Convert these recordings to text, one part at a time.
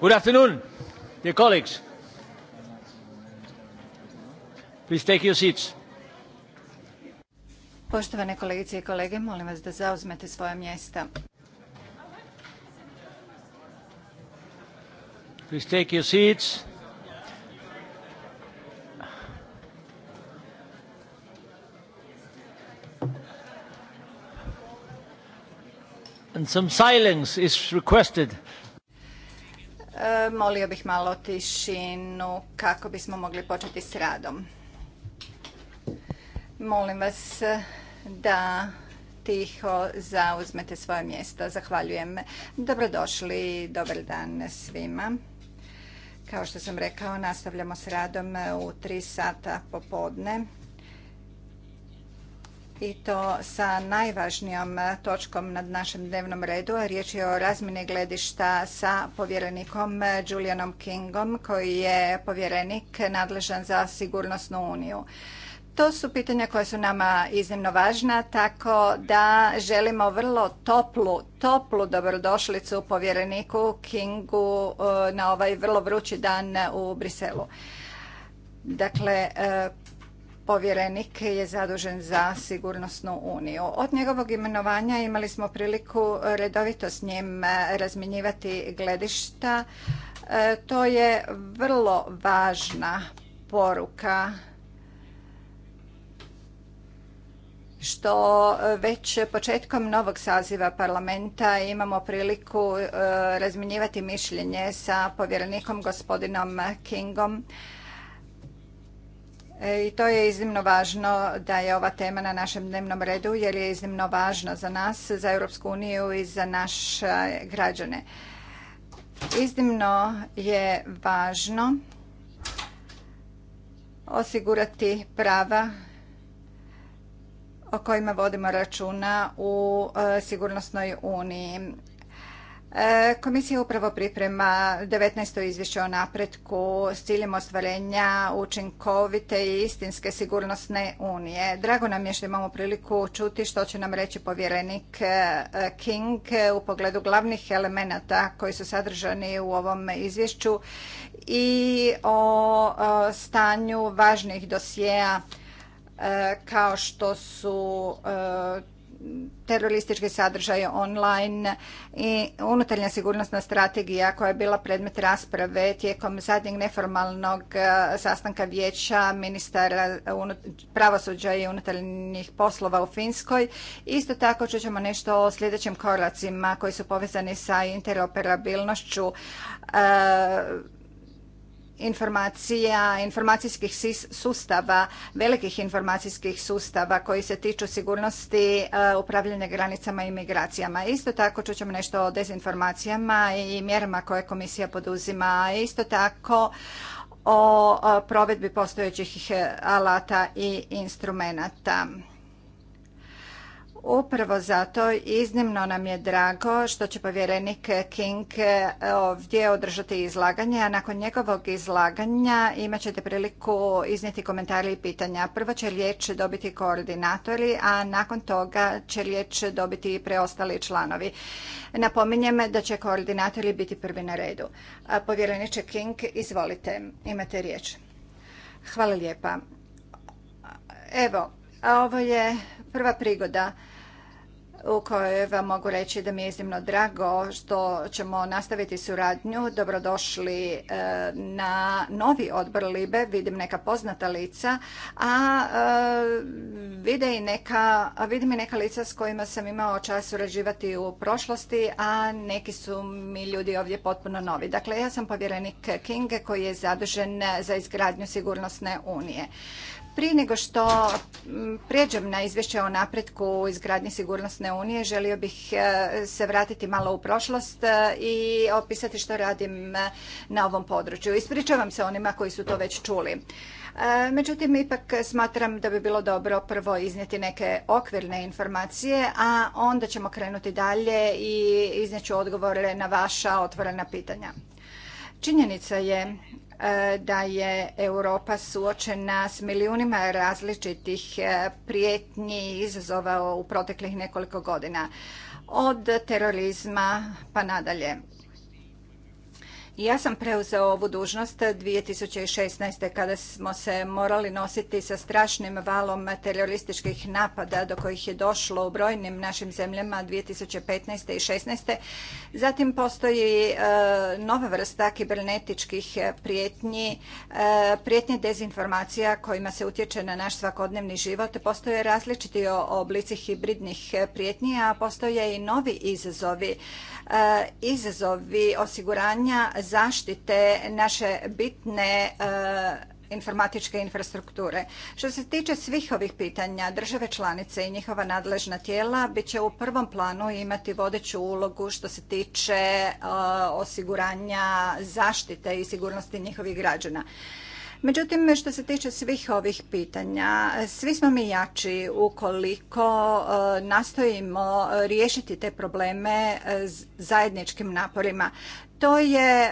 Good afternoon, dear colleagues. Please take your seats. Poštovane kolegice i kolege, molim vas da zauzmete svoje mjesta. Please take your seats. And some silence is requested E, molio bih malo tišinu kako bismo mogli početi s radom. Molim vas da tiho zauzmete svoje mjesta. Zahvaljujem. Dobrodošli, dobar dan svima. Kao što sam rekao, nastavljamo s radom u tri sata popodne i to sa najvažnijom eh, točkom na našem dnevnom redu. Riječ je o razmjeni gledišta sa povjerenikom eh, Julianom Kingom, koji je povjerenik nadležan za sigurnosnu uniju. To su pitanja koja su nama iznimno važna, tako da želimo vrlo toplu, toplu dobrodošlicu povjereniku Kingu eh, na ovaj vrlo vrući dan u Briselu. Dakle, povjerenik je zadužen za sigurnosnu uniju. Od njegovog imenovanja imali smo priliku redovito s njim e, razminjivati gledišta. E, to je vrlo važna poruka što već početkom novog saziva parlamenta imamo priliku e, razminjivati mišljenje sa povjerenikom gospodinom Kingom E, I to je iznimno važno da je ova tema na našem dnevnom redu jer je iznimno važno za nas, za Europsku uniju i za naše građane. Iznimno je važno osigurati prava o kojima vodimo računa u e, sigurnosnoj uniji. E, komisija upravo priprema 19. izvješće o napretku s ciljem ostvarenja učinkovite i istinske sigurnosne unije. Drago nam je što imamo priliku čuti što će nam reći povjerenik e, King u pogledu glavnih elemenata koji su sadržani u ovom izvješću i o stanju važnih dosjeja e, kao što su teroristički sadržaje online i unutarnja sigurnosna strategija koja je bila predmet rasprave tijekom zadnjeg neformalnog e, sastanka vijeća ministara pravosuđa i unutarnjih poslova u Finskoj. Isto tako ćemo nešto o sljedećim koracima koji su povezani sa interoperabilnošću e, informacija, informacijskih sustava, velikih informacijskih sustava koji se tiču sigurnosti eh, upravljanja granicama i migracijama. Isto tako ćemo nešto o dezinformacijama i mjerama koje komisija poduzima. Isto tako o eh, provedbi postojećih eh, alata i instrumenata. Upravo zato iznimno nam je drago što će povjerenik King e, ovdje održati izlaganje, a nakon njegovog izlaganja imat ćete priliku iznijeti komentari i pitanja. Prvo će riječ dobiti koordinatori, a nakon toga će riječ dobiti i preostali članovi. Napominjem da će koordinatori biti prvi na redu. E, povjereniče King, izvolite, imate riječ. Hvala lijepa. Evo, ovo je prva prigoda u kojoj vam mogu reći da mi je iznimno drago što ćemo nastaviti suradnju. Dobrodošli e, na novi odbor Libe, vidim neka poznata lica, a e, vidim i neka lica s kojima sam imao čas surađivati u prošlosti, a neki su mi ljudi ovdje potpuno novi. Dakle, ja sam povjerenik King koji je zadužen za izgradnju sigurnosne unije. Prije nego što prijeđem na izvješće o napretku u izgradnji sigurnosne unije, želio bih e, se vratiti malo u prošlost e, i opisati što radim e, na ovom području. Ispričavam se onima koji su to već čuli. Međutim, ipak smatram da bi bilo dobro prvo iznijeti neke okvirne informacije, a onda ćemo krenuti dalje i ću odgovore na vaša otvorena pitanja. Činjenica je Eh, da je Europa suočena s milijunima različitih eh, prijetnji i izazova u proteklih nekoliko godina od terorizma pa nadalje. Ja sam preuzeo ovu dužnost 2016. kada smo se morali nositi sa strašnim valom terorističkih napada do kojih je došlo u brojnim našim zemljama 2015. i 2016. Zatim postoji e, nova vrsta kibernetičkih prijetnji, e, prijetnje dezinformacija kojima se utječe na naš svakodnevni život. Postoje različiti oblici hibridnih prijetnji, a postoje i novi izazovi E, izazovi osiguranja zaštite naše bitne e, informatičke infrastrukture. Što se tiče svih ovih pitanja, države članice i njihova nadležna tijela bit će u prvom planu imati vodeću ulogu što se tiče e, osiguranja zaštite i sigurnosti njihovih građana. Međutim, što se tiče svih ovih pitanja, svi smo mi jači ukoliko e, nastojimo riješiti te probleme e, zajedničkim naporima. To je e,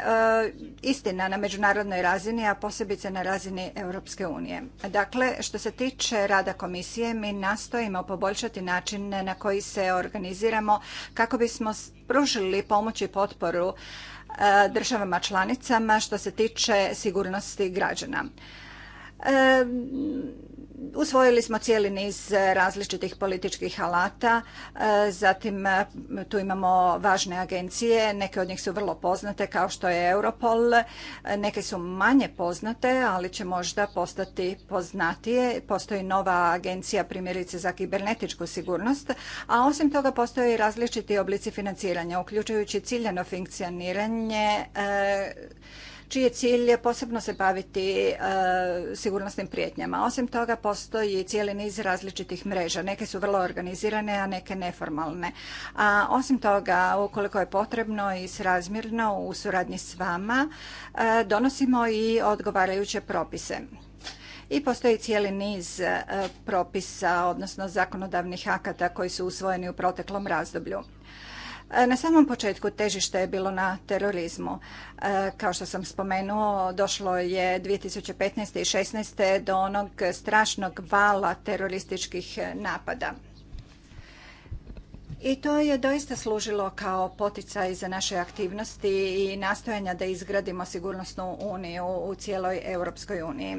istina na međunarodnoj razini, a posebice na razini Europske unije. Dakle, što se tiče rada komisije, mi nastojimo poboljšati način na koji se organiziramo kako bismo pružili pomoć i potporu Eh, državama članicama što se tiče sigurnosti građana. Eh, Usvojili smo cijeli niz e, različitih političkih alata, e, zatim e, tu imamo važne agencije, neke od njih su vrlo poznate kao što je Europol, neke su manje poznate, ali će možda postati poznatije. Postoji nova agencija primjerice za kibernetičku sigurnost, a osim toga postoje i različiti oblici financiranja, uključujući ciljano funkcioniranje čiji cilj je posebno se baviti e, sigurnosnim prijetnjama. Osim toga postoji cijeli niz različitih mreža. Neke su vrlo organizirane, a neke neformalne. A osim toga, ukoliko je potrebno i srazmjerno u suradnji s vama, e, donosimo i odgovarajuće propise i postoji cijeli niz e, propisa, odnosno zakonodavnih akata koji su usvojeni u proteklom razdoblju. E, na samom početku težište je bilo na terorizmu. E, kao što sam spomenuo, došlo je 2015. i 2016. do onog strašnog vala terorističkih napada i to je doista služilo kao poticaj za naše aktivnosti i nastojanja da izgradimo sigurnosnu uniju u cijeloj Europskoj uniji.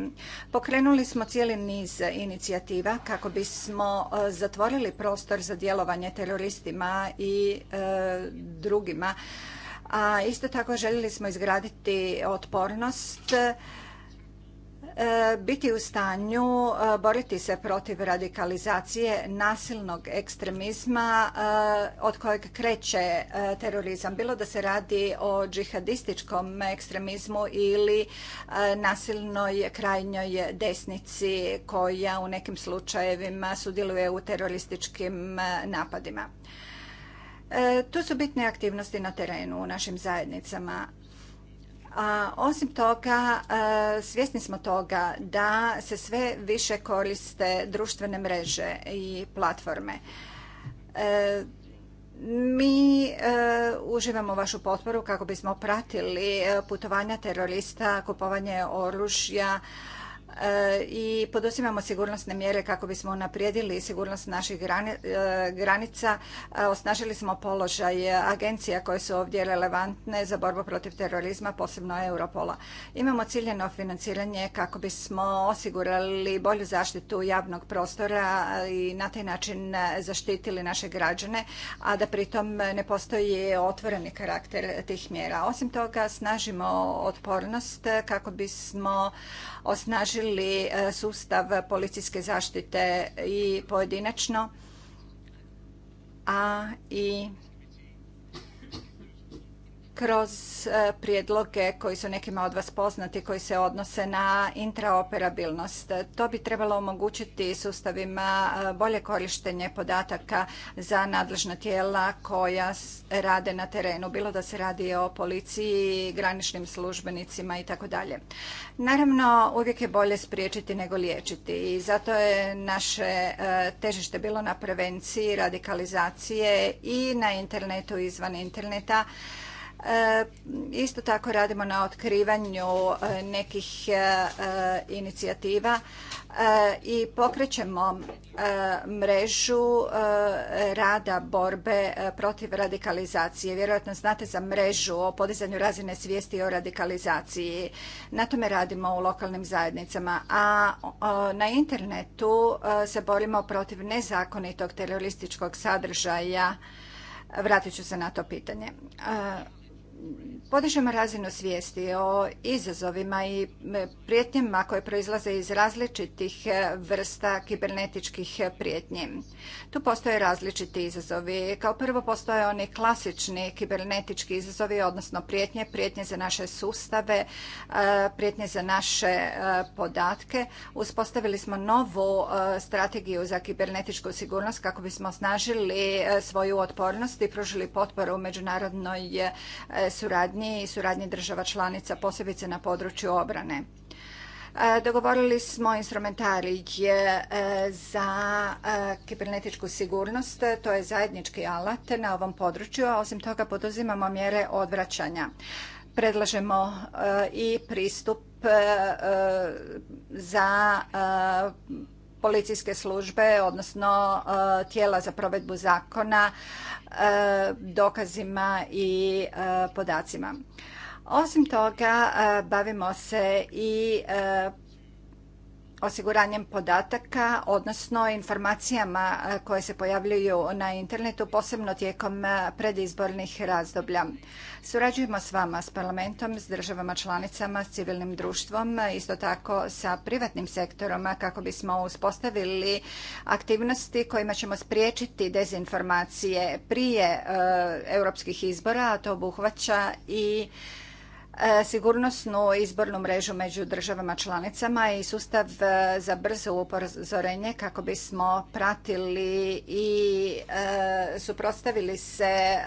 Pokrenuli smo cijeli niz inicijativa kako bismo e, zatvorili prostor za djelovanje teroristima i e, drugima. A isto tako željeli smo izgraditi otpornost E, biti u stanju e, boriti se protiv radikalizacije nasilnog ekstremizma e, od kojeg kreće terorizam, bilo da se radi o džihadističkom ekstremizmu ili nasilnoj krajnjoj desnici koja u nekim slučajevima sudjeluje u terorističkim napadima. Tu su bitne aktivnosti na terenu u našim zajednicama a osim toga, e, svjesni smo toga da se sve više koriste društvene mreže i platforme. E, mi e, uživamo vašu potporu kako bismo pratili putovanja terorista, kupovanje oružja, E, i poduzimamo sigurnosne mjere kako bismo unaprijedili sigurnost naših e, granica. E, osnažili smo položaj agencija koje su ovdje relevantne za borbu protiv terorizma, posebno Europola. Imamo ciljeno financiranje kako bismo osigurali bolju zaštitu javnog prostora i na taj način zaštitili naše građane, a da pritom ne postoji otvoreni karakter tih mjera. Osim toga, snažimo otpornost kako bismo osnažili e, sustav policijske zaštite i pojedinačno, a i kroz e, prijedloge koji su nekima od vas poznati, koji se odnose na intraoperabilnost. To bi trebalo omogućiti sustavima e, bolje korištenje podataka za nadležna tijela koja rade na terenu, bilo da se radi o policiji, graničnim službenicima i tako dalje. Naravno, uvijek je bolje spriječiti nego liječiti i zato je naše e, težište bilo na prevenciji radikalizacije i na internetu i izvan interneta E, isto tako radimo na otkrivanju e, nekih e, inicijativa i pokrećemo mrežu rada borbe protiv radikalizacije. Vjerojatno znate za mrežu o podizanju razine svijesti o radikalizaciji. Na tome radimo u lokalnim zajednicama. A na internetu se borimo protiv nezakonitog terorističkog sadržaja. Vratit ću se na to pitanje podižemo razinu svijesti o izazovima i e, prijetnjama koje proizlaze iz različitih e, vrsta kibernetičkih prijetnji. Tu postoje različiti izazovi. Kao prvo postoje oni klasični kibernetički izazovi, odnosno prijetnje, prijetnje za naše sustave, e, prijetnje za naše podatke. Uspostavili smo novu strategiju za kibernetičku sigurnost kako bismo snažili svoju otpornost i pružili potporu međunarodnoj suradnje i suradnji država članica, posebice na području obrane. E, dogovorili smo instrumentarij e, za e, kibernetičku sigurnost, to je zajednički alat na ovom području, a osim toga poduzimamo mjere odvraćanja. Predlažemo i pristup za policijske službe, odnosno e, tijela za provedbu zakona, e, dokazima i e, podacima. Osim toga, bavimo se i osiguranjem podataka, odnosno informacijama e, koje se pojavljuju na internetu, posebno tijekom e, predizbornih razdoblja. Surađujemo s vama, s parlamentom, s državama članicama, s civilnim društvom, e, isto tako sa privatnim sektorom kako bismo uspostavili aktivnosti kojima ćemo spriječiti dezinformacije prije europskih izbora, a to obuhvaća i E, sigurnosnu izbornu mrežu među državama članicama i sustav e, za brzo upozorenje kako bismo pratili i e, suprotstavili se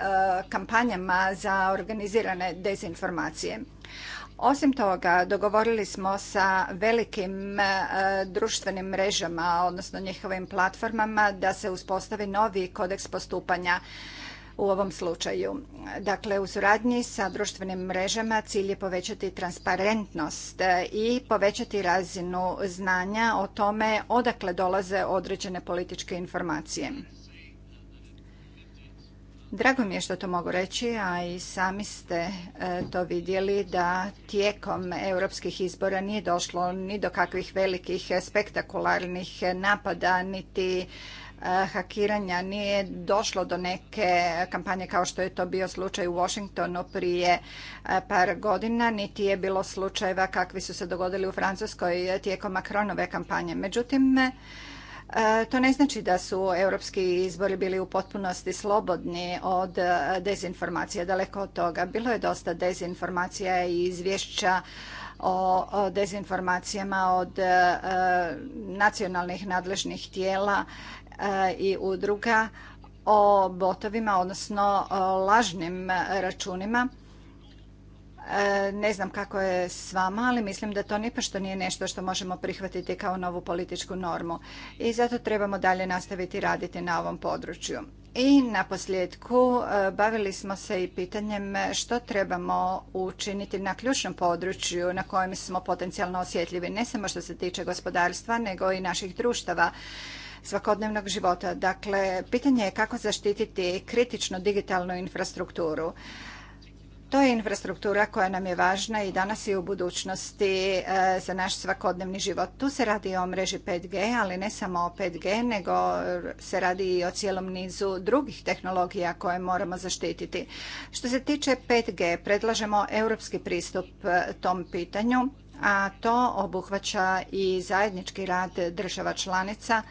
kampanjama za organizirane dezinformacije. Osim toga, dogovorili smo sa velikim društvenim mrežama, odnosno njihovim platformama, da se uspostavi novi kodeks postupanja u ovom slučaju. Dakle, u suradnji sa društvenim mrežama cilj je povećati transparentnost i povećati razinu znanja o tome odakle dolaze određene političke informacije. Drago mi je što to mogu reći, a i sami ste e, to vidjeli da tijekom europskih izbora nije došlo ni do kakvih velikih spektakularnih napada, niti Eh, hakiranja nije došlo do neke kampanje kao što je to bio slučaj u Washingtonu prije eh, par godina, niti je bilo slučajeva kakvi su se dogodili u Francuskoj tijekom Macronove kampanje. Međutim, eh, to ne znači da su europski izbori bili u potpunosti slobodni od dezinformacija, daleko od toga. Bilo je dosta dezinformacija i izvješća o dezinformacijama od nacionalnih nadležnih tijela E, i udruga o botovima, odnosno e, lažnim računima. E, ne znam kako je s vama, ali mislim da to nipošto nije nešto što možemo prihvatiti kao novu političku normu i zato trebamo dalje nastaviti raditi na ovom području. I na posljedku bavili smo se i pitanjem što trebamo učiniti na ključnom području na kojem smo potencijalno osjetljivi, ne samo što se tiče gospodarstva, nego i naših društava svakodnevnog života. Dakle, pitanje je kako zaštititi kritičnu digitalnu infrastrukturu. To je infrastruktura koja nam je važna i danas i u budućnosti e, za naš svakodnevni život. Tu se radi o mreži 5G, ali ne samo o 5G, nego se radi i o cijelom nizu drugih tehnologija koje moramo zaštititi. Što se tiče 5G, predlažemo europski pristup e, tom pitanju, a to obuhvaća i zajednički rad država članica,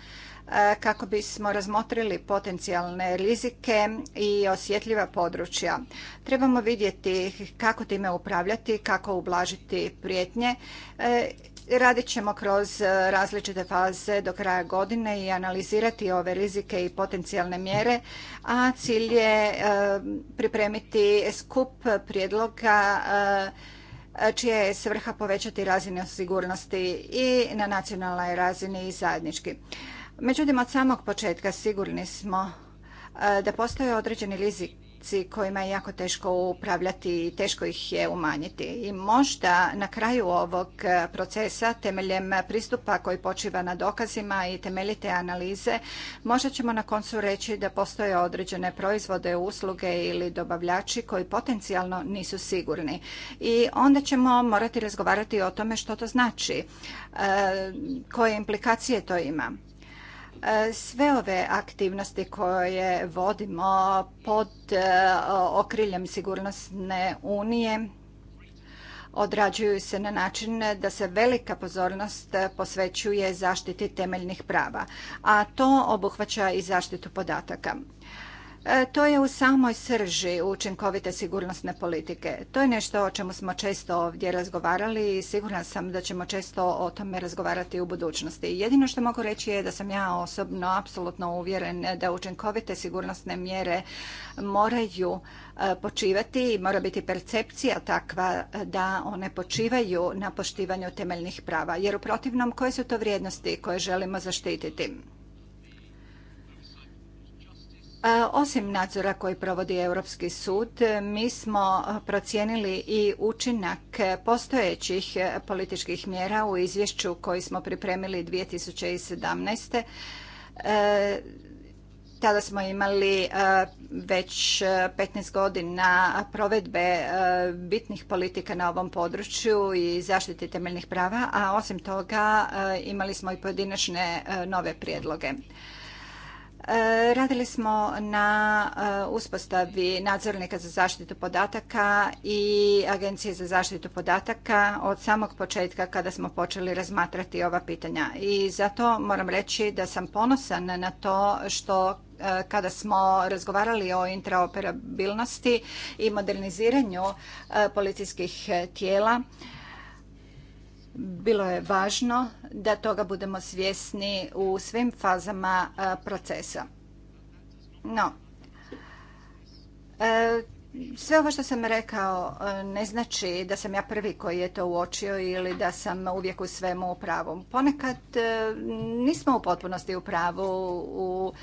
kako bismo razmotrili potencijalne rizike i osjetljiva područja. Trebamo vidjeti kako time upravljati, kako ublažiti prijetnje. E, radit ćemo kroz različite faze do kraja godine i analizirati ove rizike i potencijalne mjere, a cilj je e, pripremiti skup prijedloga e, čija je svrha povećati razine sigurnosti i na nacionalnoj razini i zajednički. Međutim, od samog početka sigurni smo e, da postoje određeni rizici kojima je jako teško upravljati i teško ih je umanjiti. I možda na kraju ovog e, procesa, temeljem pristupa koji počiva na dokazima i temeljite analize, možda ćemo na koncu reći da postoje određene proizvode, usluge ili dobavljači koji potencijalno nisu sigurni. I onda ćemo morati razgovarati o tome što to znači, e, koje implikacije to ima. E, sve ove aktivnosti koje vodimo pod e, okriljem sigurnosne unije odrađuju se na način da se velika pozornost posvećuje zaštiti temeljnih prava, a to obuhvaća i zaštitu podataka. E, to je u samoj srži učinkovite sigurnosne politike. To je nešto o čemu smo često ovdje razgovarali i sigurna sam da ćemo često o tome razgovarati u budućnosti. Jedino što mogu reći je da sam ja osobno apsolutno uvjeren da učinkovite sigurnosne mjere moraju e, počivati i mora biti percepcija takva e, da one počivaju na poštivanju temeljnih prava. Jer u protivnom koje su to vrijednosti koje želimo zaštititi? E, osim nadzora koji provodi Europski sud, mi smo procijenili i učinak postojećih političkih mjera u izvješću koji smo pripremili 2017. E, tada smo imali e, već 15 godina provedbe bitnih politika na ovom području i zaštiti temeljnih prava, a osim toga imali smo i pojedinačne nove prijedloge. E, radili smo na e, uspostavi nadzornika za zaštitu podataka i Agencije za zaštitu podataka od samog početka kada smo počeli razmatrati ova pitanja. I zato moram reći da sam ponosan na to što e, kada smo razgovarali o intraoperabilnosti i moderniziranju policijskih tijela, bilo je važno da toga budemo svjesni u svim fazama e, procesa. No, e, sve ovo što sam rekao e, ne znači da sam ja prvi koji je to uočio ili da sam uvijek u svemu u pravu. Ponekad nismo u potpunosti u pravu u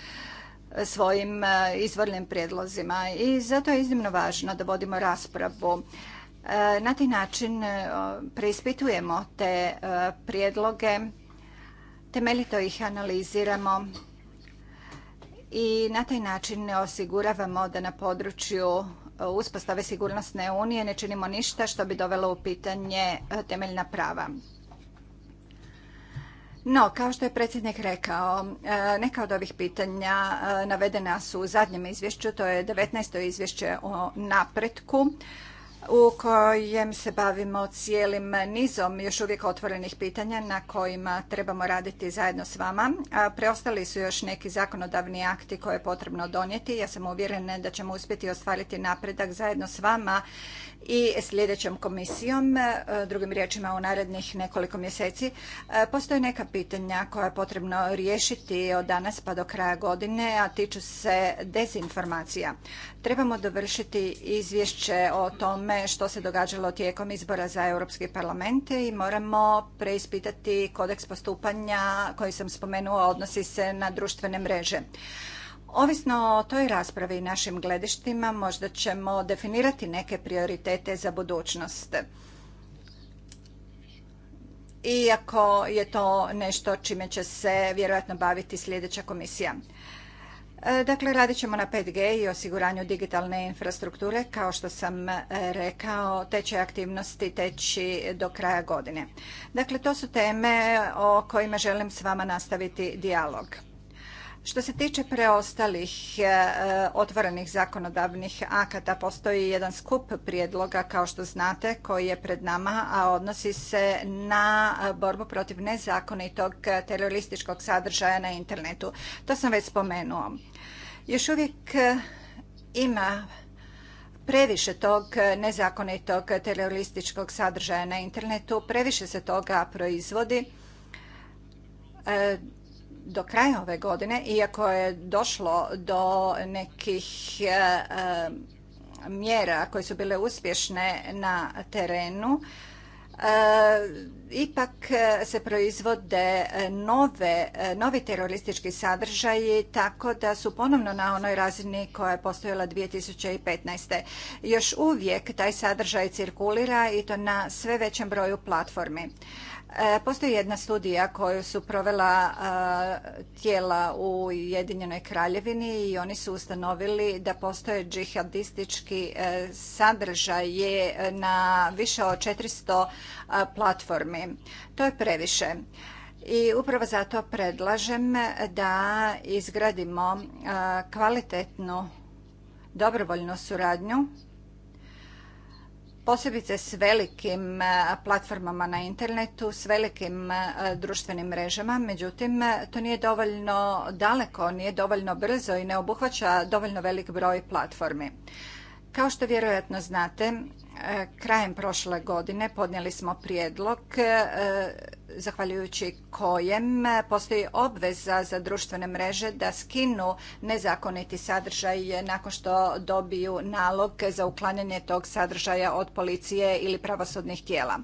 svojim izvornim prijedlozima i zato je iznimno važno da vodimo raspravu E, na taj način e, preispitujemo te e, prijedloge, temeljito ih analiziramo i na taj način osiguravamo da na području uspostave sigurnosne unije ne činimo ništa što bi dovelo u pitanje temeljna prava. No, kao što je predsjednik rekao, neka od ovih pitanja navedena su u zadnjem izvješću, to je 19. izvješće o napretku u kojem se bavimo cijelim nizom još uvijek otvorenih pitanja na kojima trebamo raditi zajedno s vama. Preostali su još neki zakonodavni akti koje je potrebno donijeti. Ja sam uvjerena da ćemo uspjeti ostvariti napredak zajedno s vama i sljedećom komisijom, e, drugim riječima u narednih nekoliko mjeseci. E, postoje neka pitanja koja je potrebno riješiti od danas pa do kraja godine, a tiču se dezinformacija. Trebamo dovršiti izvješće o tome što se događalo tijekom izbora za Europski parlament i moramo preispitati kodeks postupanja koji sam spomenuo odnosi se na društvene mreže. Ovisno o toj raspravi i našim gledištima možda ćemo definirati neke prioritete za budućnost. Iako je to nešto čime će se vjerojatno baviti sljedeća komisija. E, dakle, radit ćemo na 5G i osiguranju digitalne infrastrukture, kao što sam e, rekao, te aktivnosti teći do kraja godine. Dakle, to su teme o kojima želim s vama nastaviti dijalog. Što se tiče preostalih e, otvorenih zakonodavnih akata, postoji jedan skup prijedloga, kao što znate, koji je pred nama, a odnosi se na borbu protiv nezakonitog terorističkog sadržaja na internetu. To sam već spomenuo. Još uvijek e, ima previše tog nezakonitog terorističkog sadržaja na internetu, previše se toga proizvodi e, do kraja ove godine, iako je došlo do nekih e, e, mjera koje su bile uspješne na terenu, e, ipak se proizvode nove, novi teroristički sadržaji tako da su ponovno na onoj razini koja je postojala 2015. Još uvijek taj sadržaj cirkulira i to na sve većem broju platformi. E, postoji jedna studija koju su provela e, tijela u Jedinjenoj kraljevini i oni su ustanovili da postoje džihadistički je e, na više od 400 platformi. To je previše. I upravo zato predlažem da izgradimo kvalitetnu dobrovoljnu suradnju posebice s velikim e, platformama na internetu, s velikim e, društvenim mrežama. Međutim, e, to nije dovoljno daleko, nije dovoljno brzo i ne obuhvaća dovoljno velik broj platformi. Kao što vjerojatno znate, E, krajem prošle godine podnijeli smo prijedlog e, zahvaljujući kojem postoji obveza za društvene mreže da skinu nezakoniti sadržaj nakon što dobiju nalog za uklanjanje tog sadržaja od policije ili pravosudnih tijela.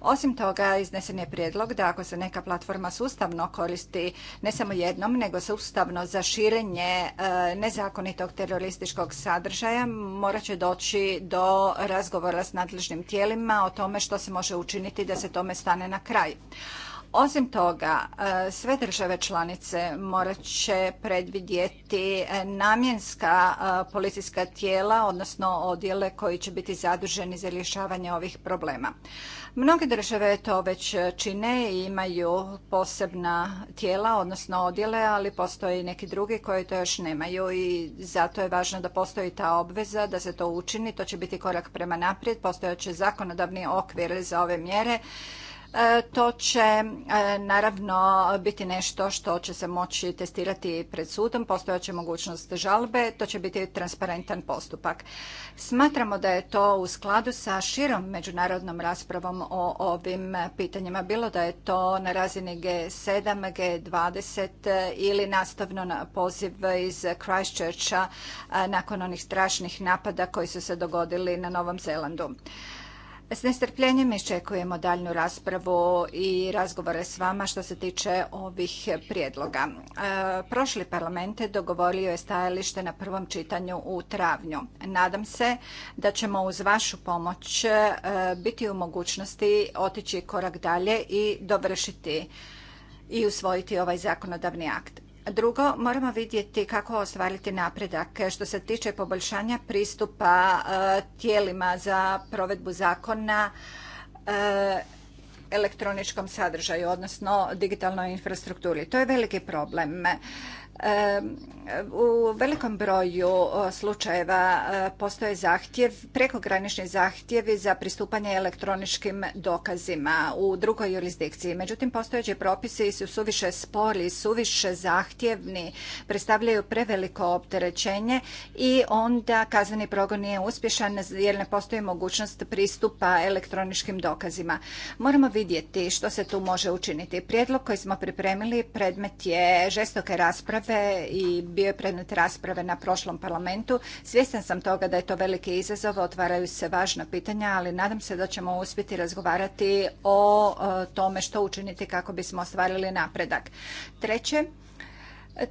Osim toga, iznesen je prijedlog da ako se neka platforma sustavno koristi ne samo jednom, nego sustavno za širenje e, nezakonitog terorističkog sadržaja, morat će doći do razgovora s nadležnim tijelima o tome što se može učiniti da se tome stane na kraj. Osim toga, e, sve države članice morat će predvidjeti e, namjenska policijska tijela, odnosno odjele koji će biti zaduženi za rješavanje ovih problema. Mnoge države to već čine i imaju posebna tijela, odnosno odjele, ali postoje i neki drugi koji to još nemaju i zato je važno da postoji ta obveza da se to učini. To će biti korak prema naprijed, postojaće zakonodavni okvir za ove mjere E, to će e, naravno biti nešto što će se moći testirati pred sudom, postojaće mogućnost žalbe, to će biti transparentan postupak. Smatramo da je to u skladu sa širom međunarodnom raspravom o ovim pitanjima, bilo da je to na razini G7, G20 ili nastavno na poziv iz Christchurcha e, nakon onih strašnih napada koji su se dogodili na Novom Zelandu. S nestrpljenjem iščekujemo daljnju raspravu i razgovore s vama što se tiče ovih prijedloga. E, prošli parlament dogovorio je stajalište na prvom čitanju u travnju. Nadam se da ćemo uz vašu pomoć e, biti u mogućnosti otići korak dalje i dovršiti i usvojiti ovaj zakonodavni akt. Drugo, moramo vidjeti kako ostvariti napredak što se tiče poboljšanja pristupa e, tijelima za provedbu zakona e, elektroničkom sadržaju, odnosno digitalnoj infrastrukturi. To je veliki problem. U velikom broju slučajeva e, postoje zahtjev, prekogranični zahtjevi za pristupanje elektroničkim dokazima u drugoj jurisdikciji. Međutim, postojeći propisi su suviše spori, suviše zahtjevni, predstavljaju preveliko opterećenje i onda kazneni progon nije uspješan jer ne postoji mogućnost pristupa elektroničkim dokazima. Moramo vidjeti što se tu može učiniti. Prijedlog koji smo pripremili predmet je žestoke rasprave i bio je predmet rasprave na prošlom parlamentu. Svjestan sam toga da je to veliki izazov, otvaraju se važna pitanja, ali nadam se da ćemo uspjeti razgovarati o e, tome što učiniti kako bismo ostvarili napredak. Treće,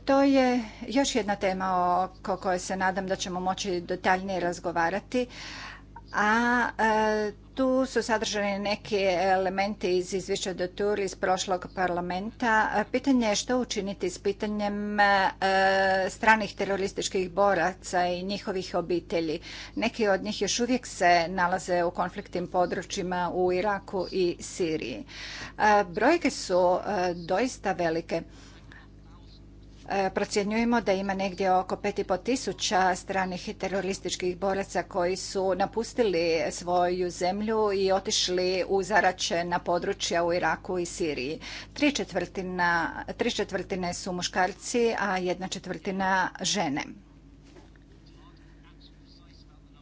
to je još jedna tema oko koje se nadam da ćemo moći detaljnije razgovarati a e, tu su sadržani neki elementi iz izvješća do iz prošlog parlamenta. E, pitanje je što učiniti s pitanjem e, stranih terorističkih boraca i njihovih obitelji. Neki od njih još uvijek se nalaze u konfliktnim područjima u Iraku i Siriji. Brojke su doista velike. E, procjenjujemo da ima negdje oko 5,5 tisuća stranih terorističkih boraca koji su napustili svoju zemlju i otišli u zaračena područja u Iraku i Siriji. Tri, četvrtine su muškarci, a jedna četvrtina žene.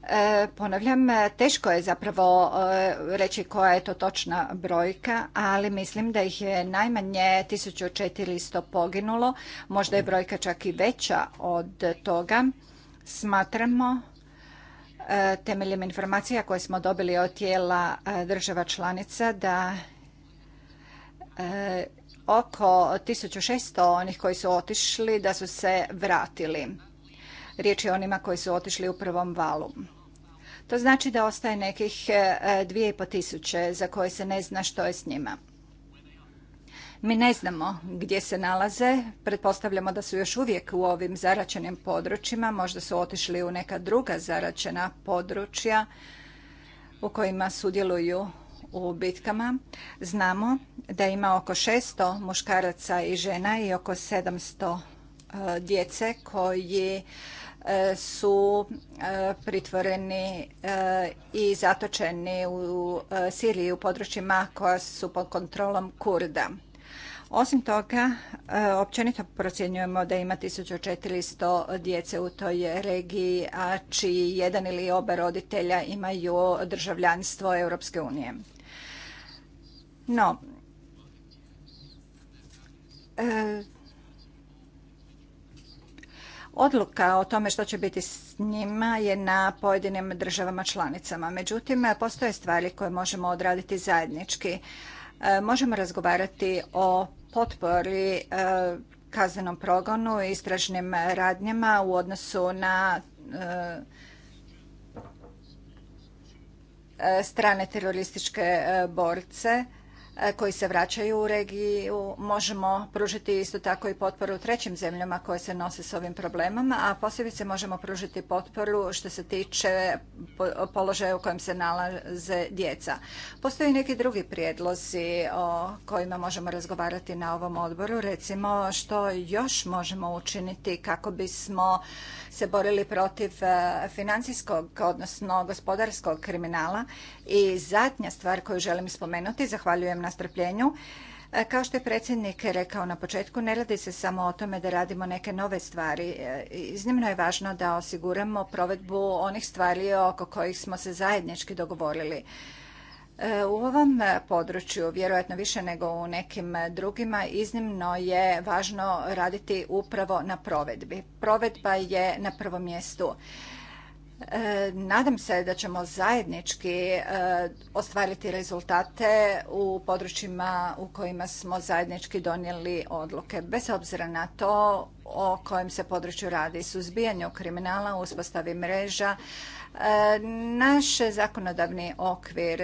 E, ponavljam, e, teško je zapravo e, reći koja je to točna brojka, ali mislim da ih je najmanje 1400 poginulo, možda je brojka čak i veća od toga. Smatramo temeljem informacija koje smo dobili od tijela država članica da oko 1600 onih koji su otišli da su se vratili. Riječ je o onima koji su otišli u prvom valu. To znači da ostaje nekih e, e, po tisuće za koje se ne zna što je s njima. Mi ne znamo gdje se nalaze, pretpostavljamo da su još uvijek u ovim zaračenim područjima, možda su otišli u neka druga zaračena područja u kojima sudjeluju u bitkama. Znamo da ima oko 600 muškaraca i žena i oko 700 e, djece koji su e, pritvoreni e, i zatočeni u e, Siriji u područjima koja su pod kontrolom Kurda. Osim toga, općenito procjenjujemo da ima 1400 djece u toj regiji, a čiji jedan ili oba roditelja imaju državljanstvo Europske unije. No, Odluka o tome što će biti s njima je na pojedinim državama članicama. Međutim, postoje stvari koje možemo odraditi zajednički. E, možemo razgovarati o potpori e, kaznenom progonu i istražnim radnjama u odnosu na e, strane terorističke borce E, koji se vraćaju u regiju. Možemo pružiti isto tako i potporu trećim zemljama koje se nose s ovim problemama, a posebice možemo pružiti potporu što se tiče položaja u kojem se nalaze djeca. Postoje neki drugi prijedlozi o kojima možemo razgovarati na ovom odboru, recimo što još možemo učiniti kako bismo se borili protiv e, financijskog, odnosno gospodarskog kriminala. I zadnja stvar koju želim spomenuti, zahvaljujem na strpljenju, e, kao što je predsjednik rekao na početku, ne radi se samo o tome da radimo neke nove stvari. E, iznimno je važno da osiguramo provedbu onih stvari oko kojih smo se zajednički dogovorili. E, u ovom području, vjerojatno više nego u nekim drugima, iznimno je važno raditi upravo na provedbi. Provedba je na prvom mjestu. E, nadam se da ćemo zajednički e, ostvariti rezultate u područjima u kojima smo zajednički donijeli odluke. Bez obzira na to o kojem se području radi, suzbijanju kriminala, uspostavi mreža, naš zakonodavni okvir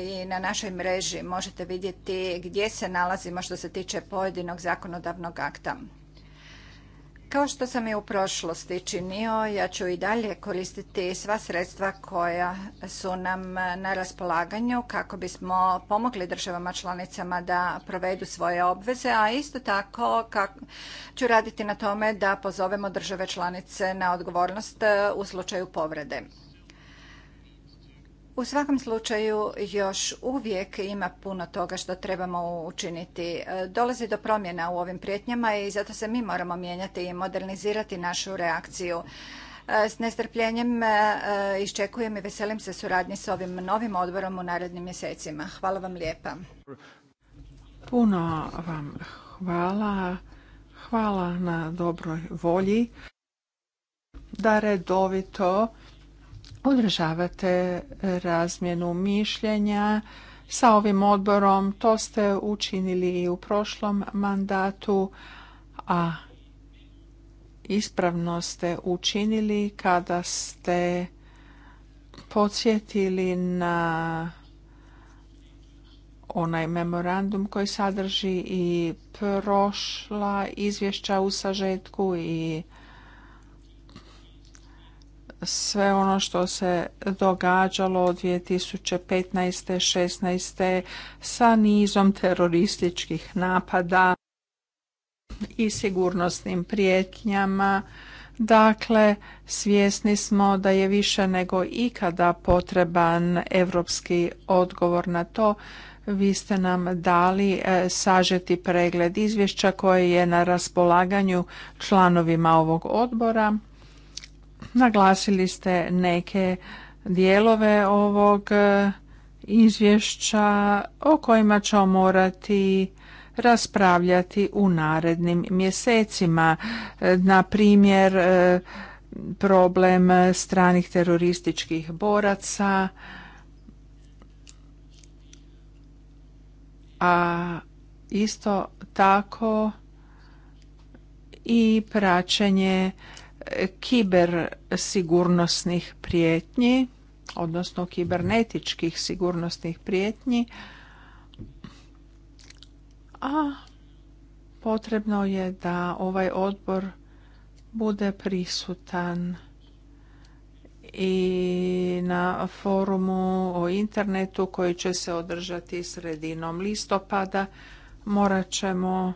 i na našoj mreži možete vidjeti gdje se nalazimo što se tiče pojedinog zakonodavnog akta. Kao što sam i u prošlosti činio, ja ću i dalje koristiti sva sredstva koja su nam na raspolaganju kako bismo pomogli državama članicama da provedu svoje obveze, a isto tako ću raditi na tome da pozovemo države članice na odgovornost u slučaju povrede. U svakom slučaju još uvijek ima puno toga što trebamo učiniti. E, dolazi do promjena u ovim prijetnjama i zato se mi moramo mijenjati i modernizirati našu reakciju. E, s nestrpljenjem e, iščekujem i veselim se suradnji s ovim novim odborom u narednim mjesecima. Hvala vam lijepa. Puno vam hvala. Hvala na dobroj volji da redovito podržavate razmjenu mišljenja sa ovim odborom. To ste učinili i u prošlom mandatu, a ispravno ste učinili kada ste podsjetili na onaj memorandum koji sadrži i prošla izvješća u sažetku i sve ono što se događalo od 2015. 16. sa nizom terorističkih napada i sigurnosnim prijetnjama. Dakle, svjesni smo da je više nego ikada potreban europski odgovor na to. Vi ste nam dali e, sažeti pregled izvješća koje je na raspolaganju članovima ovog odbora. Naglasili ste neke dijelove ovog e, izvješća o kojima ćemo morati raspravljati u narednim mjesecima. E, na primjer, e, problem stranih terorističkih boraca, a isto tako i praćenje kiber sigurnosnih prijetnji, odnosno kibernetičkih sigurnosnih prijetnji, a potrebno je da ovaj odbor bude prisutan i na forumu o internetu koji će se održati sredinom listopada morat ćemo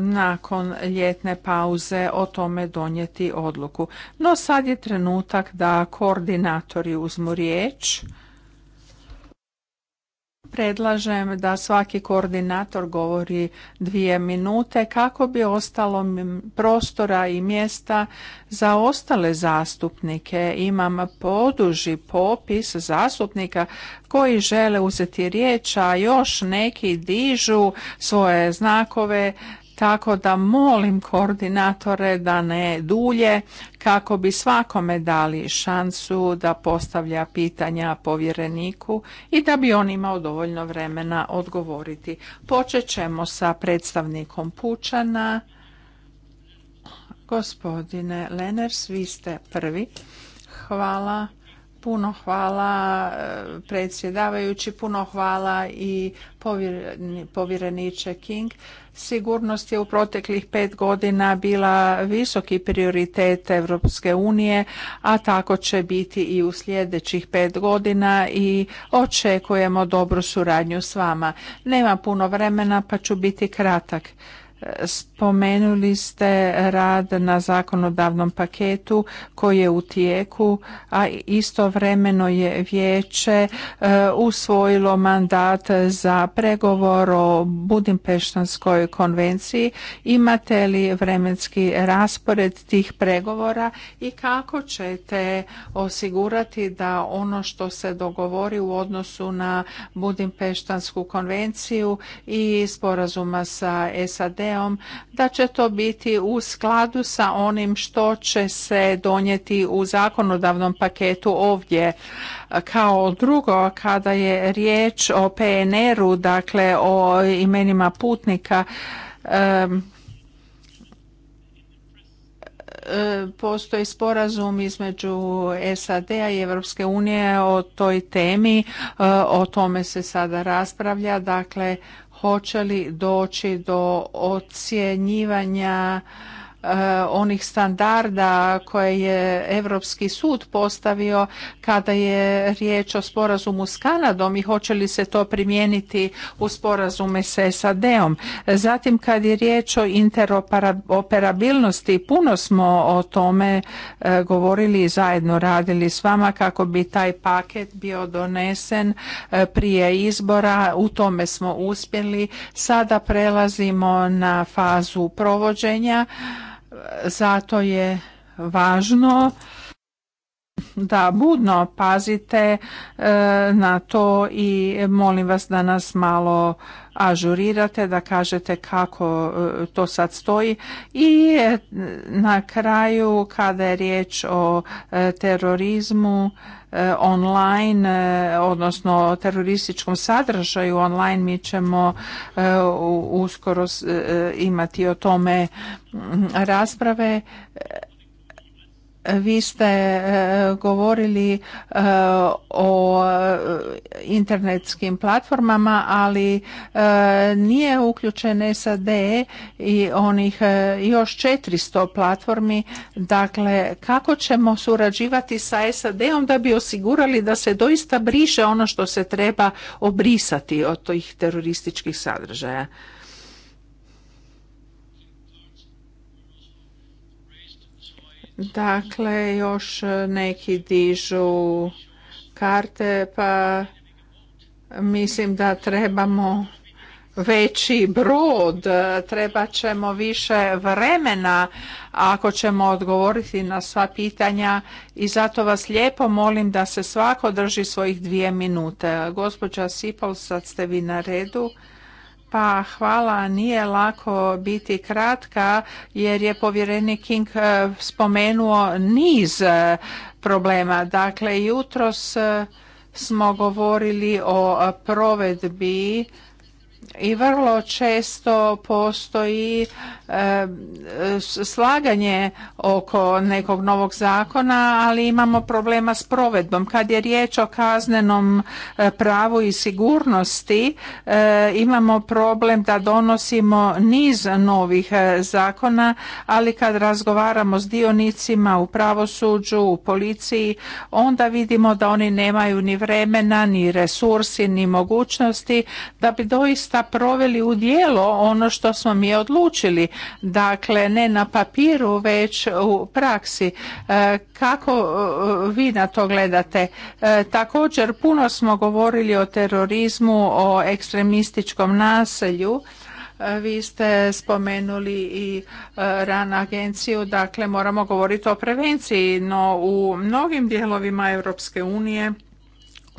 nakon ljetne pauze o tome donijeti odluku. No sad je trenutak da koordinatori uzmu riječ. Predlažem da svaki koordinator govori dvije minute kako bi ostalo prostora i mjesta za ostale zastupnike. Imam poduži popis zastupnika koji žele uzeti riječ, a još neki dižu svoje znakove tako da molim koordinatore da ne dulje kako bi svakome dali šansu da postavlja pitanja povjereniku i da bi on imao dovoljno vremena odgovoriti. Počet ćemo sa predstavnikom Pučana. Gospodine Leners, vi ste prvi. Hvala. Puno hvala e, predsjedavajući, puno hvala i povjereniče King. Sigurnost je u proteklih pet godina bila visoki prioritet Europske unije, a tako će biti i u sljedećih pet godina i očekujemo dobru suradnju s vama. Nema puno vremena pa ću biti kratak. Spomenuli ste rad na zakonodavnom paketu koji je u tijeku, a istovremeno je vijeće e, usvojilo mandat za pregovor o Budimpeštanskoj konvenciji. Imate li vremenski raspored tih pregovora i kako ćete osigurati da ono što se dogovori u odnosu na Budimpeštansku konvenciju i sporazuma sa SAD da će to biti u skladu sa onim što će se donijeti u zakonodavnom paketu ovdje. Kao drugo, kada je riječ o PNR-u, dakle o imenima putnika, postoji sporazum između SAD-a i Europske unije o toj temi, o tome se sada raspravlja, dakle hoće li doći do ocjenjivanja Eh, onih standarda koje je Europski sud postavio kada je riječ o sporazumu s Kanadom i hoće li se to primijeniti u sporazume s SAD-om. Zatim kad je riječ o interoperabilnosti, puno smo o tome eh, govorili i zajedno radili s vama kako bi taj paket bio donesen eh, prije izbora. U tome smo uspjeli. Sada prelazimo na fazu provođenja zato je važno da budno pazite e, na to i molim vas da nas malo ažurirate, da kažete kako e, to sad stoji. I e, na kraju kada je riječ o terorizmu online, odnosno terorističkom sadržaju online, mi ćemo uskoro imati o tome rasprave. Vi ste e, govorili e, o internetskim platformama, ali e, nije uključen SAD i onih još 400 platformi. Dakle, kako ćemo surađivati sa SAD-om da bi osigurali da se doista briše ono što se treba obrisati od tih terorističkih sadržaja? Dakle, još neki dižu karte, pa mislim da trebamo veći brod, treba ćemo više vremena ako ćemo odgovoriti na sva pitanja i zato vas lijepo molim da se svako drži svojih dvije minute. Gospođa Sipol, sad ste vi na redu. Pa hvala, nije lako biti kratka jer je povjerenik King eh, spomenuo niz eh, problema. Dakle, jutros eh, smo govorili o provedbi i vrlo često postoji e, slaganje oko nekog novog zakona, ali imamo problema s provedbom. Kad je riječ o kaznenom e, pravu i sigurnosti, e, imamo problem da donosimo niz novih zakona, ali kad razgovaramo s dionicima u pravosuđu, u policiji, onda vidimo da oni nemaju ni vremena, ni resursi, ni mogućnosti da bi doista proveli u dijelo ono što smo mi odlučili. Dakle, ne na papiru, već u praksi. E, kako e, vi na to gledate? E, također, puno smo govorili o terorizmu, o ekstremističkom naselju. Vi ste spomenuli i RAN agenciju, dakle moramo govoriti o prevenciji, no u mnogim dijelovima Europske unije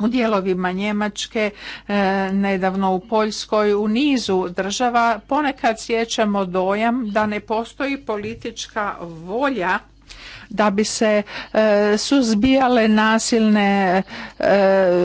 u dijelovima Njemačke, e, nedavno u Poljskoj, u nizu država ponekad sjećamo dojam da ne postoji politička volja da bi se e, suzbijale nasilne e,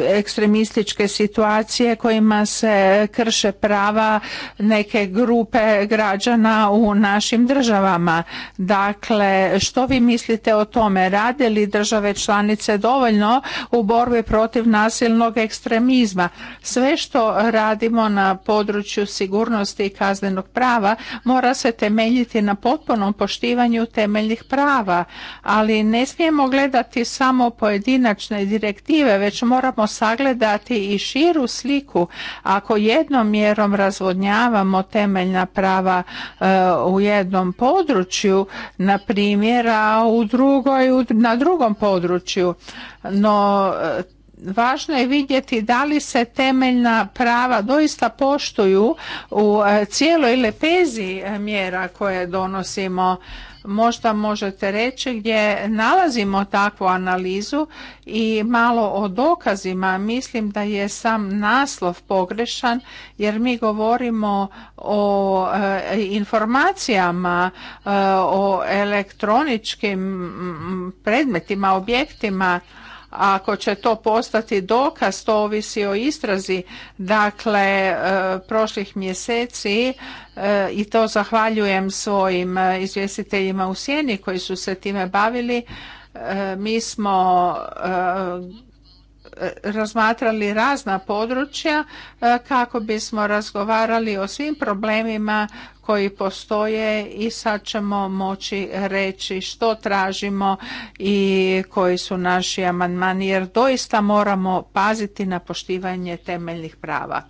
ekstremističke situacije kojima se krše prava neke grupe građana u našim državama. Dakle, što vi mislite o tome? Rade li države članice dovoljno u borbi protiv nasilnog ekstremizma? Sve što radimo na području sigurnosti i kaznenog prava mora se temeljiti na potpunom poštivanju temeljnih prava ali ne smijemo gledati samo pojedinačne direktive, već moramo sagledati i širu sliku. Ako jednom mjerom razvodnjavamo temeljna prava e, u jednom području, na primjer, a u drugoj, na drugom području, no e, važno je vidjeti da li se temeljna prava doista poštuju u e, cijeloj lepezi mjera koje donosimo možda možete reći gdje nalazimo takvu analizu i malo o dokazima. Mislim da je sam naslov pogrešan jer mi govorimo o e, informacijama, e, o elektroničkim predmetima, objektima ako će to postati dokaz, to ovisi o istrazi. Dakle, e, prošlih mjeseci e, i to zahvaljujem svojim e, izvjestiteljima u sjeni koji su se time bavili, mi smo razmatrali razna područja e, kako bismo razgovarali o svim problemima koji postoje i sad ćemo moći reći što tražimo i koji su naši amandmani jer doista moramo paziti na poštivanje temeljnih prava.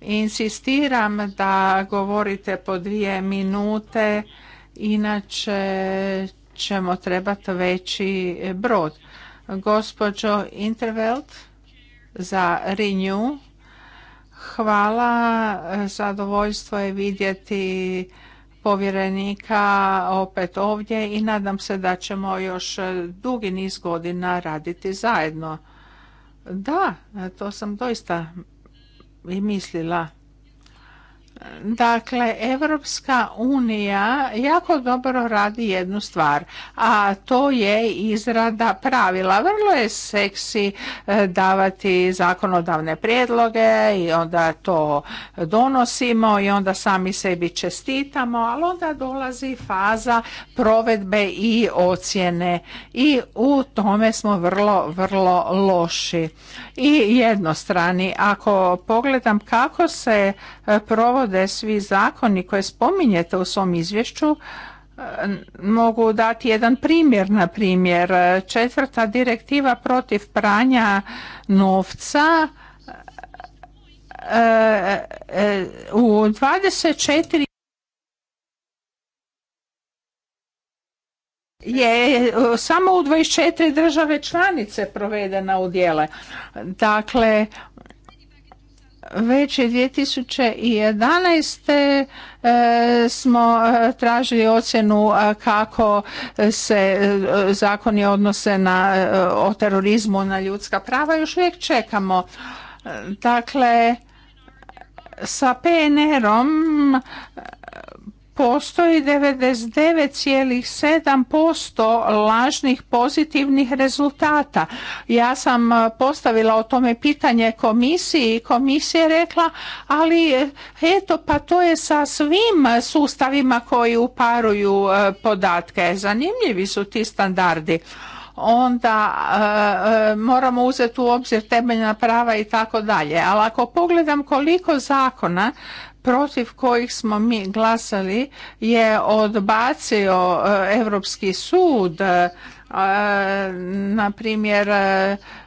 Insistiram da govorite po dvije minute, inače ćemo trebati veći brod. Gospođo Intervelt za Renew, hvala. Zadovoljstvo je vidjeti povjerenika opet ovdje i nadam se da ćemo još dugi niz godina raditi zajedno. Da, to sam doista i mislila. Dakle, Evropska unija jako dobro radi jednu stvar, a to je izrada pravila. Vrlo je seksi e, davati zakonodavne prijedloge i onda to donosimo i onda sami sebi čestitamo, ali onda dolazi faza provedbe i ocjene i u tome smo vrlo, vrlo loši i jednostrani. Ako pogledam kako se e, provode svi zakoni koje spominjete u svom izvješću e, mogu dati jedan primjer na primjer e, četvrta direktiva protiv pranja novca e, u 24 je samo u 24 države članice provedena u dijele. Dakle, već je 2011. E, smo e, tražili ocjenu e, kako se zakoni odnose na, o terorizmu na ljudska prava. Još uvijek čekamo. Dakle, sa PNR-om postoji 99,7% lažnih pozitivnih rezultata. Ja sam e, postavila o tome pitanje komisiji i komisija je rekla, ali e, eto pa to je sa svim sustavima koji uparuju e, podatke. Zanimljivi su ti standardi onda moramo uzeti u obzir temeljna prava i tako dalje. Ali ako pogledam koliko zakona protiv kojih smo mi glasali je odbacio Europski sud e, na primjer e,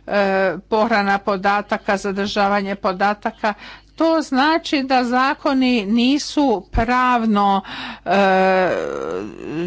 e, pohrana podataka, zadržavanje podataka. To znači da zakoni nisu pravno e,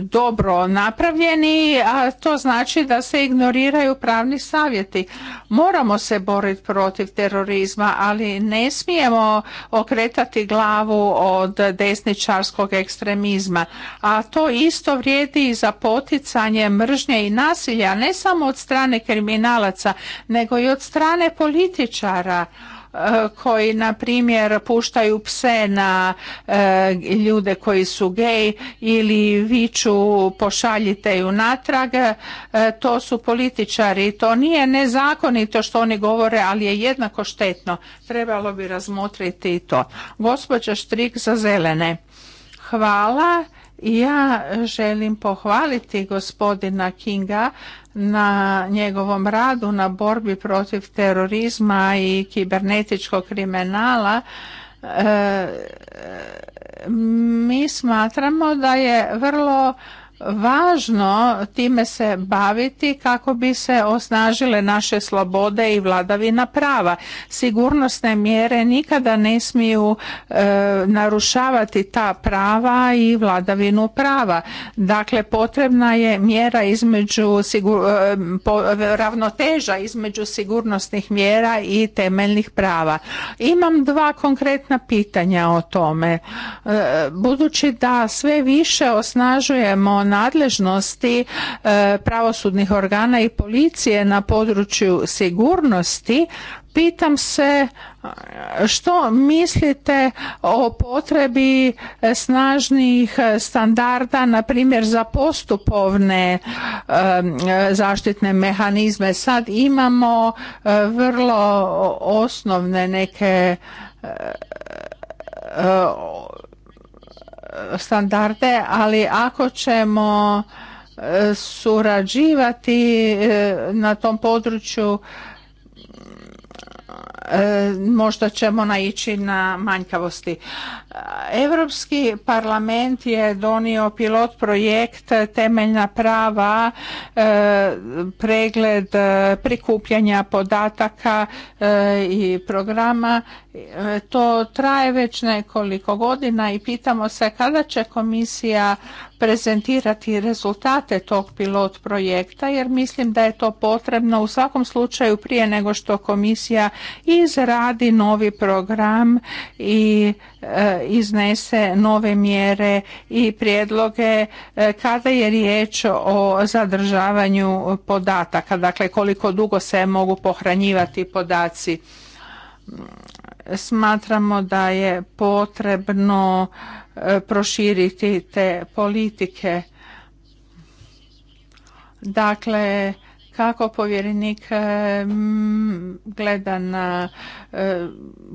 dobro napravljeni, a to znači da se ignoriraju pravni savjeti. Moramo se boriti protiv terorizma, ali ne smijemo okretati glavu od desničarskog ekstremizma, a to isto vrijedi i za poticanje mržnje i nasilja, ne samo od strane kriminalaca, nego i od strane političara koji na primjer puštaju pse na e, ljude koji su gej ili viču pošaljite ju natrag e, to su političari to nije nezakonito što oni govore ali je jednako štetno trebalo bi razmotriti i to gospođa Štrik za zelene hvala ja želim pohvaliti gospodina Kinga na njegovom radu na borbi protiv terorizma i kibernetičkog kriminala e, mi smatramo da je vrlo važno time se baviti kako bi se osnažile naše slobode i vladavina prava. Sigurnosne mjere nikada ne smiju e, narušavati ta prava i vladavinu prava. Dakle, potrebna je mjera između sigur, e, ravnoteža između sigurnosnih mjera i temeljnih prava. Imam dva konkretna pitanja o tome. E, budući da sve više osnažujemo nadležnosti e, pravosudnih organa i policije na području sigurnosti pitam se e, što mislite o potrebi e, snažnih standarda na primjer za postupovne zaštitne mehanizme sad imamo vrlo osnovne neke standarde, ali ako ćemo e, surađivati e, na tom području E, možda ćemo naići na manjkavosti. Europski parlament je donio pilot projekt temeljna prava, e, pregled e, prikupljanja podataka i programa. To traje već nekoliko godina i pitamo se kada će komisija prezentirati rezultate tog pilot projekta jer mislim da je to potrebno u svakom slučaju prije nego što komisija izradi novi program i e, iznese nove mjere i prijedloge e, kada je riječ o zadržavanju podataka, dakle koliko dugo se mogu pohranjivati podaci. Smatramo da je potrebno proširiti te politike. Dakle, kako povjerenik eh, gleda na eh,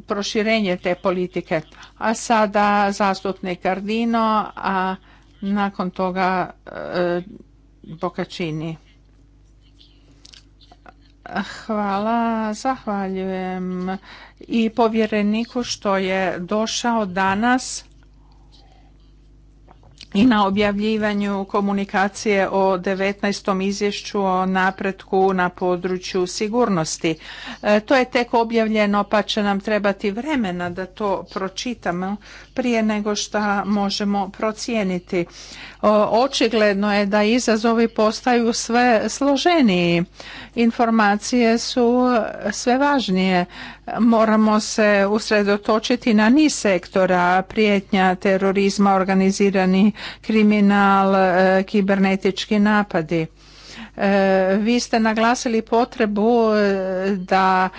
proširenje te politike. A sada zastupnik Gardino, a nakon toga eh, Bokačini. Hvala, zahvaljujem i povjereniku što je došao danas i na objavljivanju komunikacije o 19. izvješću o napretku na području sigurnosti. E, to je tek objavljeno pa će nam trebati vremena da to pročitamo prije nego što možemo procijeniti. Očigledno je da izazovi postaju sve složeniji. Informacije su sve važnije. Moramo se usredotočiti na niz sektora prijetnja terorizma, organizirani kriminal, e, kibernetički napadi. E, vi ste naglasili potrebu e, da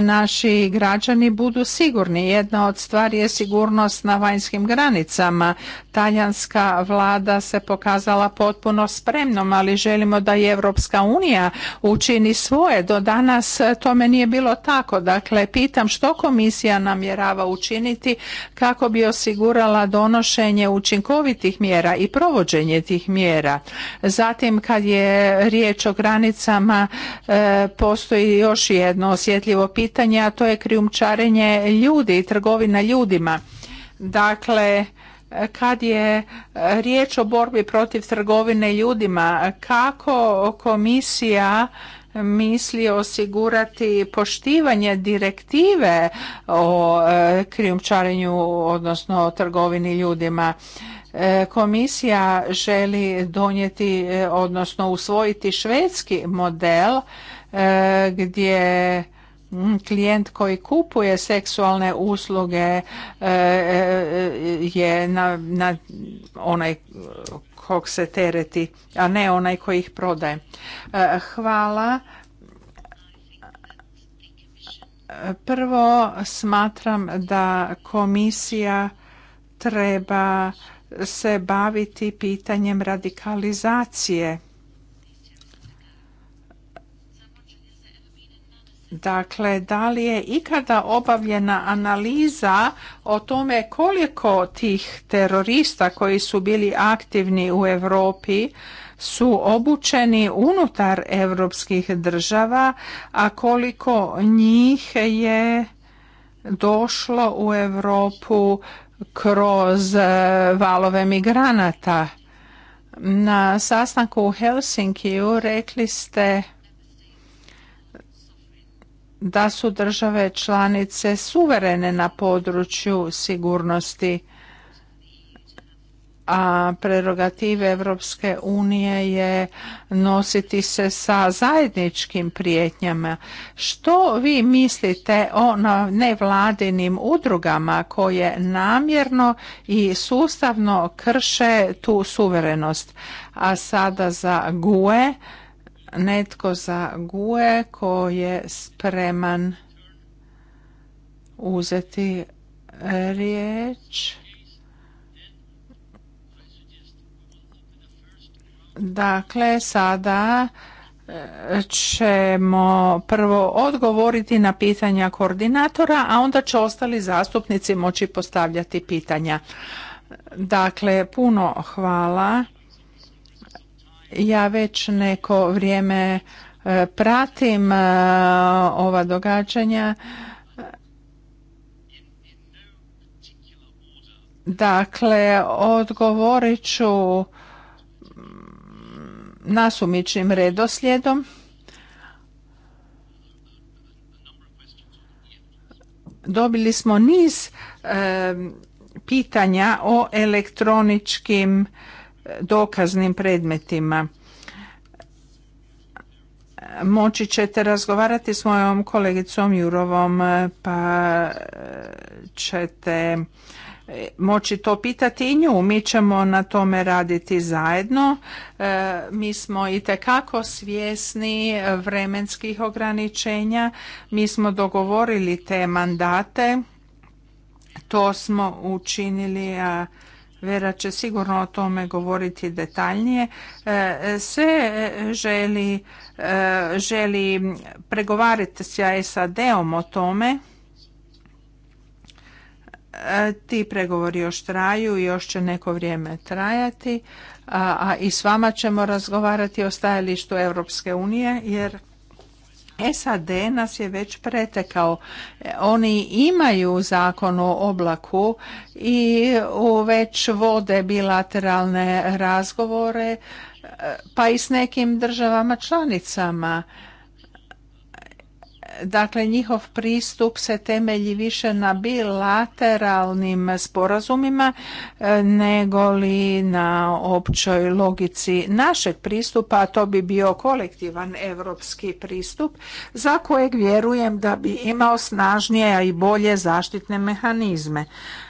naši građani budu sigurni. Jedna od stvari je sigurnost na vanjskim granicama. Talijanska vlada se pokazala potpuno spremnom, ali želimo da i Evropska unija učini svoje. Do danas tome nije bilo tako. Dakle, pitam što komisija namjerava učiniti kako bi osigurala donošenje učinkovitih mjera i provođenje tih mjera. Zatim, kad je riječ o granicama, e, postoji još jedno osjetljivo osjetljivo pitanje, a to je krijumčarenje ljudi i trgovina ljudima. Dakle, kad je riječ o borbi protiv trgovine ljudima, kako komisija misli osigurati poštivanje direktive o e, krijumčarenju, odnosno o trgovini ljudima. E, komisija želi donijeti, e, odnosno usvojiti švedski model gdje Mm, klijent koji kupuje seksualne usluge e, e, je na, na onaj kog se tereti, a ne onaj koji ih prodaje. E, hvala. Prvo smatram da komisija treba se baviti pitanjem radikalizacije Dakle, da li je ikada obavljena analiza o tome koliko tih terorista koji su bili aktivni u Europi su obučeni unutar europskih država, a koliko njih je došlo u Europu kroz e, valove migranata. Na sastanku u Helsinkiju rekli ste da su države članice suverene na području sigurnosti, a prerogative Europske unije je nositi se sa zajedničkim prijetnjama. Što vi mislite o nevladinim udrugama koje namjerno i sustavno krše tu suverenost? A sada za GUE netko za guje ko je spreman uzeti riječ. Dakle, sada e, ćemo prvo odgovoriti na pitanja koordinatora, a onda će ostali zastupnici moći postavljati pitanja. Dakle, puno hvala. Ja već neko vrijeme e, pratim e, ova događanja. Dakle, odgovorit ću nasumičnim redoslijedom. Dobili smo niz e, pitanja o elektroničkim dokaznim predmetima. Moći ćete razgovarati s mojom kolegicom Jurovom e, pa e, ćete e, moći to pitati i nju. Mi ćemo na tome raditi zajedno. Mi smo i tekako svjesni vremenskih ograničenja. Mi smo dogovorili te mandate. To smo učinili, a Vera će sigurno o tome govoriti detaljnije, se želi, e, želi pregovarati sa SAD-om o tome. E, ti pregovori još traju i još će neko vrijeme trajati, a i s vama ćemo razgovarati o stajalištu Europske unije jer SAD nas je već pretekao. Oni imaju zakon o oblaku i već vode bilateralne razgovore pa i s nekim državama članicama Dakle, njihov pristup se temelji više na bilateralnim sporazumima e, nego li na općoj logici našeg pristupa, a to bi bio kolektivan europski pristup za kojeg vjerujem da bi imao snažnije, i bolje zaštitne mehanizme.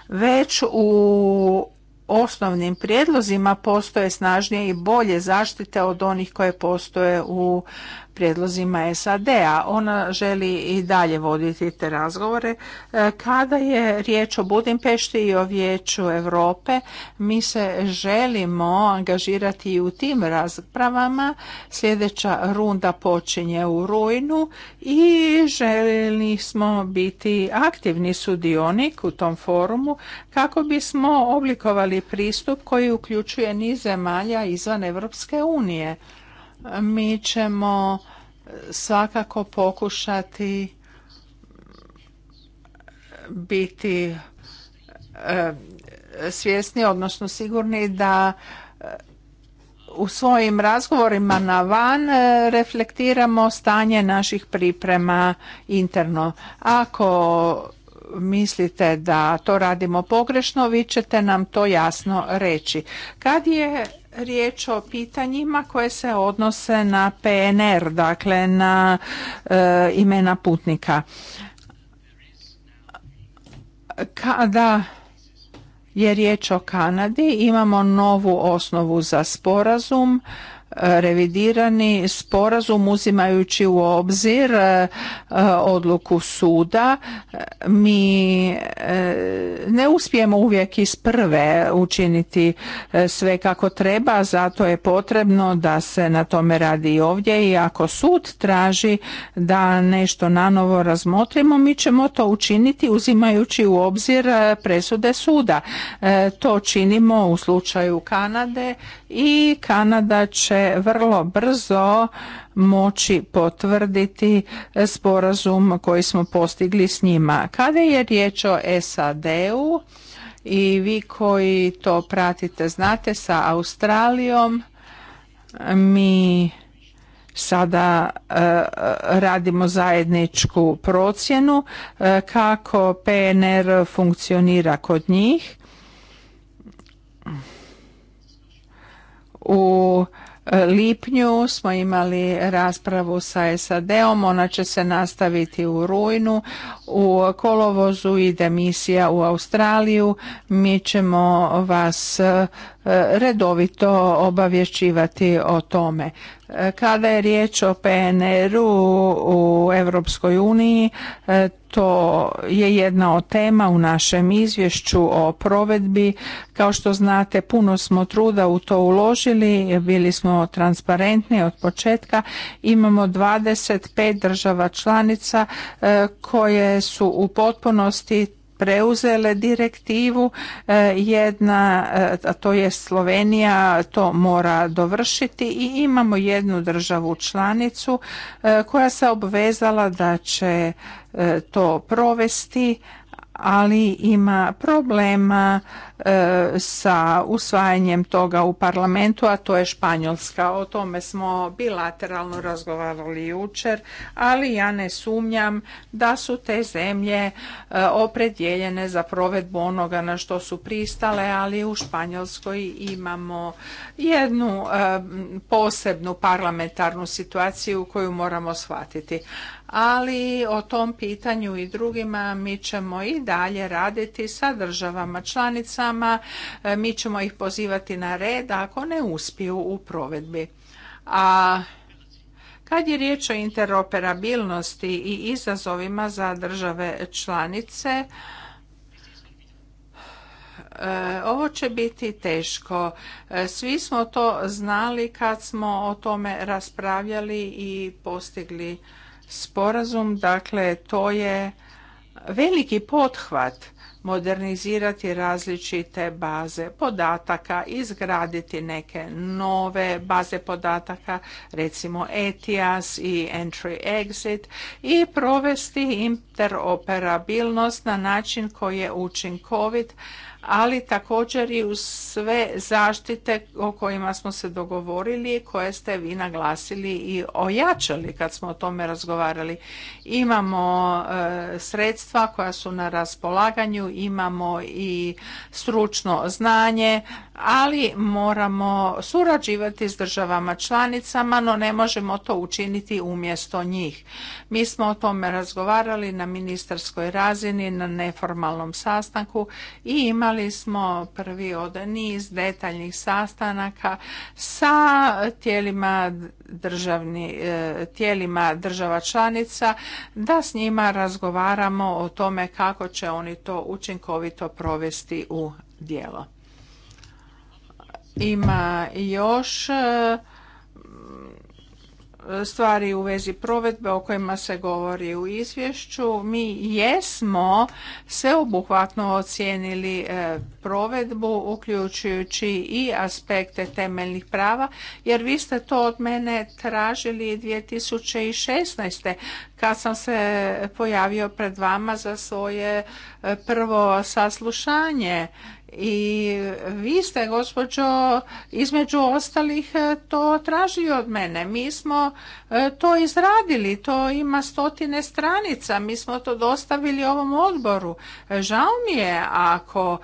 Već u osnovnim prijedlozima postoje snažnije i bolje zaštite od onih koje postoje u prijedlozima SAD-a. Ona želi i dalje voditi te razgovore. E, kada je riječ o Budimpešti i o Vijeću Europe, mi se želimo angažirati i u tim raspravama. Sljedeća runda počinje u rujnu i željeli smo biti aktivni sudionik u tom forumu kako bismo oblikovali pristup koji uključuje niz zemalja izvan Europske unije mi ćemo svakako pokušati biti e, svjesni odnosno sigurni da e, u svojim razgovorima na van e, reflektiramo stanje naših priprema interno. Ako mislite da to radimo pogrešno, vi ćete nam to jasno reći. Kad je riječ o pitanjima koje se odnose na PNR, dakle na e, imena putnika. Kada je riječ o Kanadi, imamo novu osnovu za sporazum revidirani sporazum uzimajući u obzir e, odluku suda. Mi e, ne uspijemo uvijek iz prve učiniti e, sve kako treba, zato je potrebno da se na tome radi i ovdje i ako sud traži da nešto nanovo razmotrimo, mi ćemo to učiniti uzimajući u obzir presude suda. To činimo u slučaju Kanade i Kanada će vrlo brzo moći potvrditi sporazum koji smo postigli s njima. Kada je riječ o SAD-u i vi koji to pratite znate sa Australijom mi sada eh, radimo zajedničku procjenu eh, kako PNR funkcionira kod njih. U lipnju smo imali raspravu sa SAD-om, ona će se nastaviti u rujnu, u kolovozu ide misija u Australiju, mi ćemo vas e, redovito obavješćivati o tome. E, kada je riječ o PNR-u u Europskoj uniji, e, to je jedna od tema u našem izvješću o provedbi. Kao što znate, puno smo truda u to uložili, bili smo transparentni od početka. Imamo 25 država članica e, koje su u potpunosti preuzele direktivu, e, jedna, e, a to je Slovenija, to mora dovršiti i imamo jednu državu članicu koja se obvezala da će E, to provesti, ali ima problema e, sa usvajanjem toga u parlamentu, a to je Španjolska. O tome smo bilateralno razgovarali jučer, ali ja ne sumnjam da su te zemlje e, opredjeljene za provedbu onoga na što su pristale, ali u Španjolskoj imamo jednu posebnu parlamentarnu situaciju koju moramo shvatiti ali o tom pitanju i drugima mi ćemo i dalje raditi sa državama članicama, e, mi ćemo ih pozivati na red ako ne uspiju u provedbi. A kad je riječ o interoperabilnosti i izazovima za države članice, e, ovo će biti teško. E, svi smo to znali kad smo o tome raspravljali i postigli sporazum. Dakle, to je veliki pothvat modernizirati različite baze podataka, izgraditi neke nove baze podataka, recimo ETIAS i Entry-Exit i provesti interoperabilnost na način koji je učinkovit ali također i uz sve zaštite o kojima smo se dogovorili, koje ste vi naglasili i ojačali kad smo o tome razgovarali. Imamo e, sredstva koja su na raspolaganju, imamo i stručno znanje, ali moramo surađivati s državama članicama, no ne možemo to učiniti umjesto njih. Mi smo o tome razgovarali na ministarskoj razini, na neformalnom sastanku i ima Imali smo prvi od niz detaljnih sastanaka sa tijelima državni, e, tijelima država članica da s njima razgovaramo o tome kako će oni to učinkovito provesti u djelo. Ima još e, stvari u vezi provedbe o kojima se govori u izvješću. Mi jesmo sveobuhvatno ocijenili e, provedbu uključujući i aspekte temeljnih prava jer vi ste to od mene tražili 2016. kad sam se pojavio pred vama za svoje e, prvo saslušanje i vi ste, gospođo, između ostalih e, to tražili od mene. Mi smo e, to izradili, to ima stotine stranica, mi smo to dostavili ovom odboru. E, žao mi je ako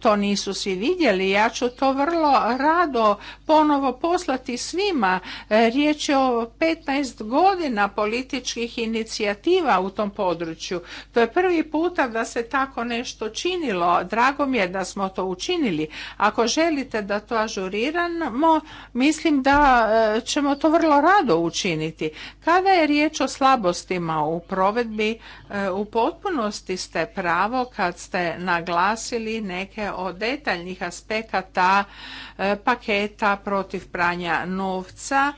to nisu svi vidjeli, ja ću to vrlo rado ponovo poslati svima. Riječ je o 15 godina političkih inicijativa u tom području. To je prvi puta da se tako nešto činilo. Drago mi je da smo to učinili. Ako želite da to ažuriramo, mislim da e, ćemo to vrlo rado učiniti. Kada je riječ o slabostima u provedbi, e, u potpunosti ste pravo kad ste naglasili neke od detaljnih aspekata e, paketa protiv pranja novca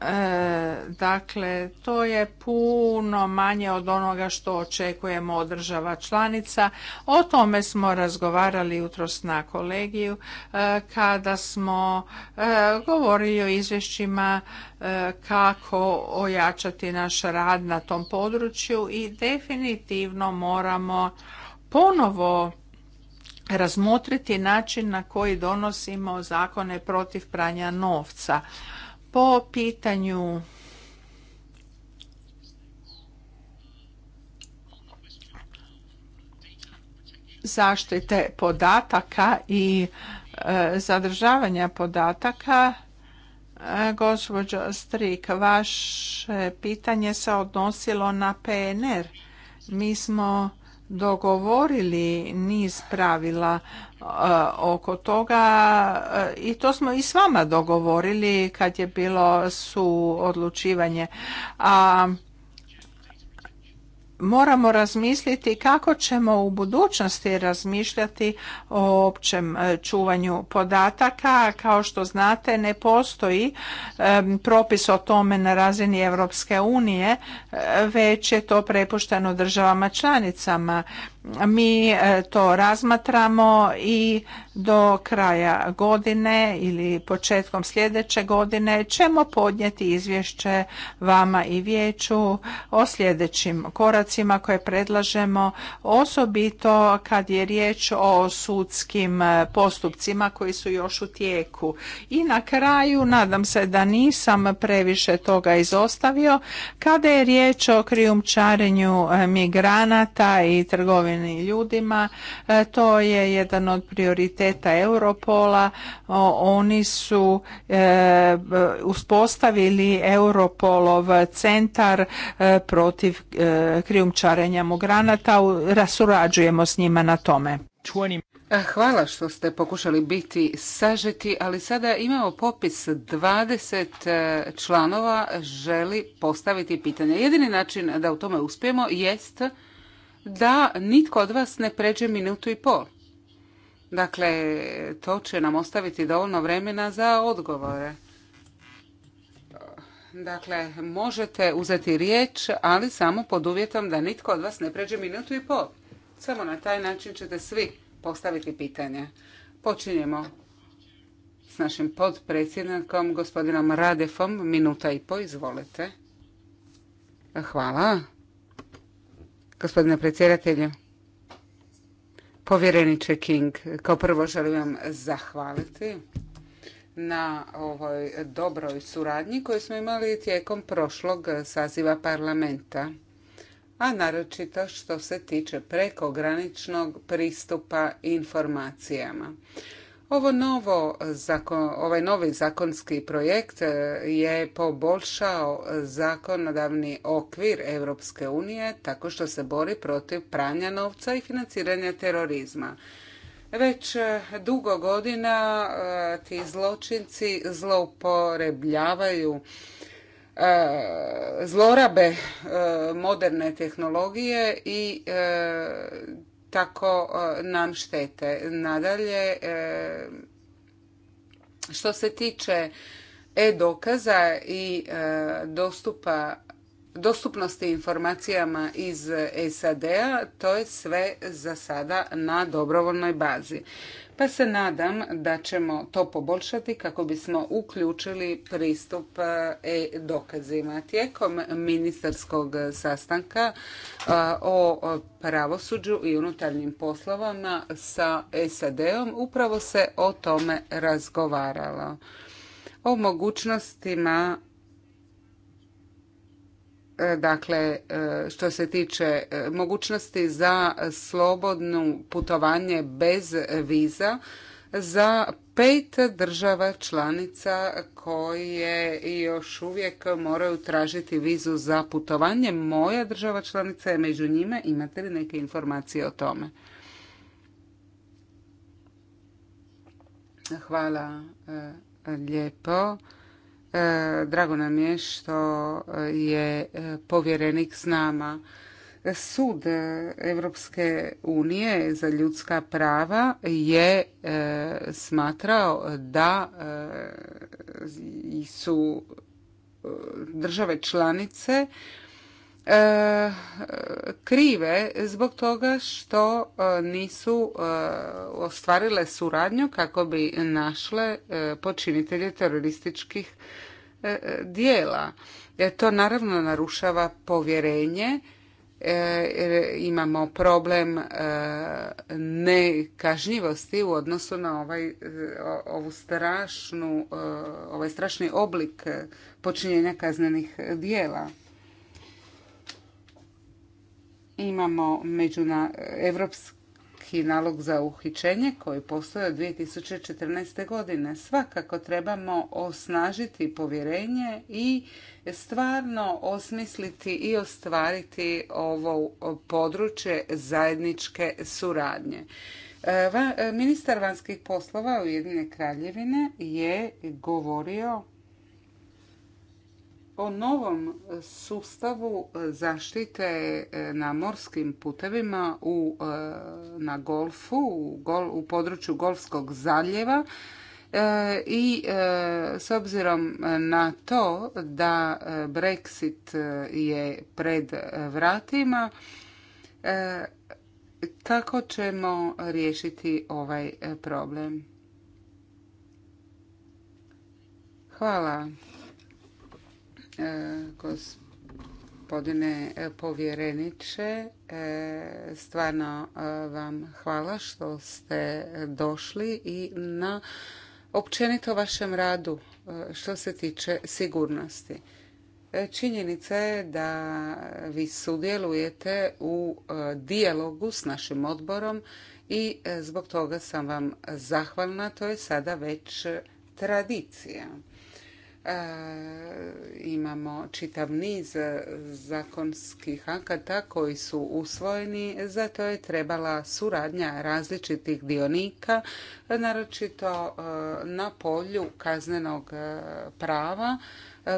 E, dakle, to je puno manje od onoga što očekujemo od država članica. O tome smo razgovarali jutros na kolegiju e, kada smo e, govorili o izvješćima kako ojačati naš rad na tom području i definitivno moramo ponovo razmotriti način na koji donosimo zakone protiv pranja novca. Po pitanju zaštite podataka i e, zadržavanja podataka, e, gospođo Strik, vaše pitanje se odnosilo na PNR. Mi smo dogovorili niz pravila e, oko toga e, i to smo i s vama dogovorili kad je bilo su odlučivanje. A moramo razmisliti kako ćemo u budućnosti razmišljati o općem e, čuvanju podataka. Kao što znate, ne postoji propis o tome na razini Europske unije, e, već je to prepušteno državama članicama mi e, to razmatramo i do kraja godine ili početkom sljedeće godine ćemo podnijeti izvješće vama i vijeću o sljedećim koracima koje predlažemo osobito kad je riječ o sudskim e, postupcima koji su još u tijeku. I na kraju nadam se da nisam previše toga izostavio kada je riječ o krijumčarenju e, migranata i trgovini ljudima. E, to je jedan od prioriteta Europola. Oni su e, uspostavili Europolov centar e, protiv krijumčarenja migranata. Rasurađujemo s njima na tome. Hvala što ste pokušali biti sažeti, ali sada imamo popis 20 članova želi postaviti pitanje. Jedini način da u tome uspijemo jest da nitko od vas ne pređe minutu i pol. Dakle, to će nam ostaviti dovoljno vremena za odgovore. Dakle, možete uzeti riječ, ali samo pod uvjetom da nitko od vas ne pređe minutu i pol. Samo na taj način ćete svi postaviti pitanje. Počinjemo s našim podpredsjednikom, gospodinom Radefom. Minuta i pol, izvolite. Hvala. Gospodine predsjedatelju, povjereniče King, kao prvo želim vam zahvaliti na ovoj dobroj suradnji koju smo imali tijekom prošlog saziva parlamenta, a naročito što se tiče prekograničnog pristupa informacijama. Ovo novo, ovaj novi zakonski projekt e, je poboljšao zakonodavni okvir Europske unije tako što se bori protiv pranja novca i financiranja terorizma. Već e, dugo godina e, ti zločinci zlouporebljavaju zlorabe moderne tehnologije i tako e, nam štete. Nadalje, e, što se tiče e-dokaza i e, dostupa dostupnosti informacijama iz SAD-a, to je sve za sada na dobrovoljnoj bazi pa se nadam da ćemo to poboljšati kako bismo uključili pristup e, e-dokazima. Tijekom ministarskog sastanka e, o pravosuđu i unutarnjim poslovama sa SAD-om upravo se o tome razgovaralo. O mogućnostima E, dakle e, što se tiče e, mogućnosti za slobodno putovanje bez viza za pet država članica koje još uvijek moraju tražiti vizu za putovanje. Moja država članica je među njima. Imate li neke informacije o tome? Hvala lijepo. E, drago nam je što je e, povjerenik s nama. Sud Europske unije za ljudska prava je e, smatrao da su države članice E, krive zbog toga što e, nisu e, ostvarile suradnju kako bi našle počinitelje terorističkih dijela. To naravno narušava povjerenje imamo problem nekažnjivosti u odnosu na ovaj, ovu strašnu, ovaj strašni oblik počinjenja kaznenih dijela. Imamo međuna, evropski nalog za uhićenje koji postoje od 2014. godine. Svakako trebamo osnažiti povjerenje i stvarno osmisliti i ostvariti ovo područje zajedničke suradnje. Ministar vanjskih poslova Ujedine kraljevine je govorio o novom e, sustavu e, zaštite e, na morskim putevima na golfu, u, u području Golfskog zaljeva i s obzirom na to da Brexit je pred vratima, kako ćemo riješiti ovaj problem? Hvala E, gospodine e, povjereniče. E, stvarno vam hvala što ste došli i na općenito vašem radu što se tiče sigurnosti. Činjenica je da vi sudjelujete u dijalogu s našim odborom i zbog toga sam vam zahvalna. To je sada već tradicija. E, imamo čitav niz zakonskih akata koji su usvojeni, zato je trebala suradnja različitih dionika, naročito e, na polju kaznenog e, prava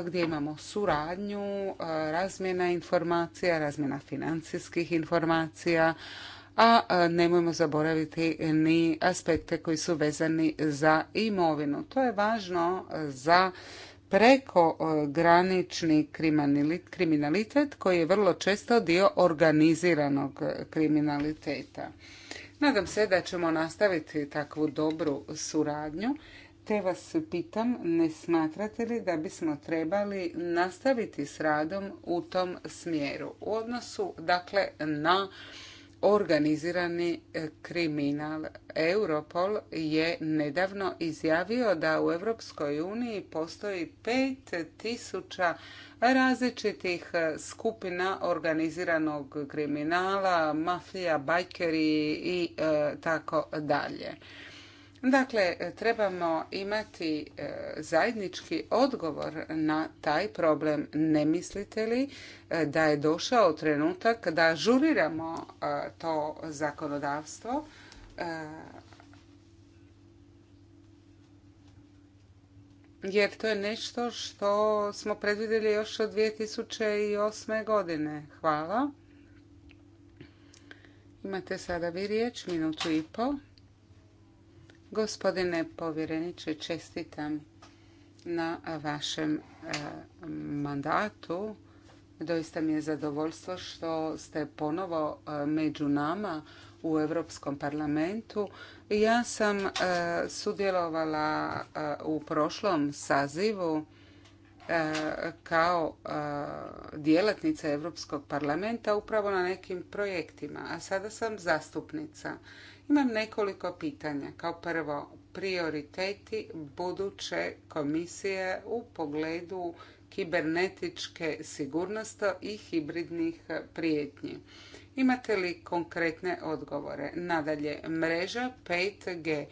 gdje imamo suradnju, razmjena informacija, razmjena financijskih informacija, a nemojmo zaboraviti ni aspekte koji su vezani za imovinu. To je važno za preko e, granični kriminalitet koji je vrlo često dio organiziranog e, kriminaliteta. Nadam se da ćemo nastaviti takvu dobru suradnju, te vas pitam ne smatrate li da bismo trebali nastaviti s radom u tom smjeru u odnosu dakle na organizirani e, kriminal. Europol je nedavno izjavio da u Europskoj uniji postoji 5000 različitih e, skupina organiziranog kriminala, mafija, bajkeri i e, tako dalje. Dakle, trebamo imati e, zajednički odgovor na taj problem. Ne mislite li e, da je došao trenutak da žuriramo e, to zakonodavstvo? Jer to je nešto što smo predvidjeli još od 2008. godine. Hvala. Imate sada vi riječ, minutu i pol. Gospodine povjereniče, čestitam na vašem e, mandatu. Doista mi je zadovoljstvo što ste ponovo e, među nama u Europskom parlamentu. Ja sam e, sudjelovala u prošlom sazivu kao djelatnica Europskog parlamenta upravo na nekim projektima, a sada sam zastupnica imam nekoliko pitanja. Kao prvo, prioriteti buduće komisije u pogledu kibernetičke sigurnosti i hibridnih prijetnji. Imate li konkretne odgovore? Nadalje, mreža 5G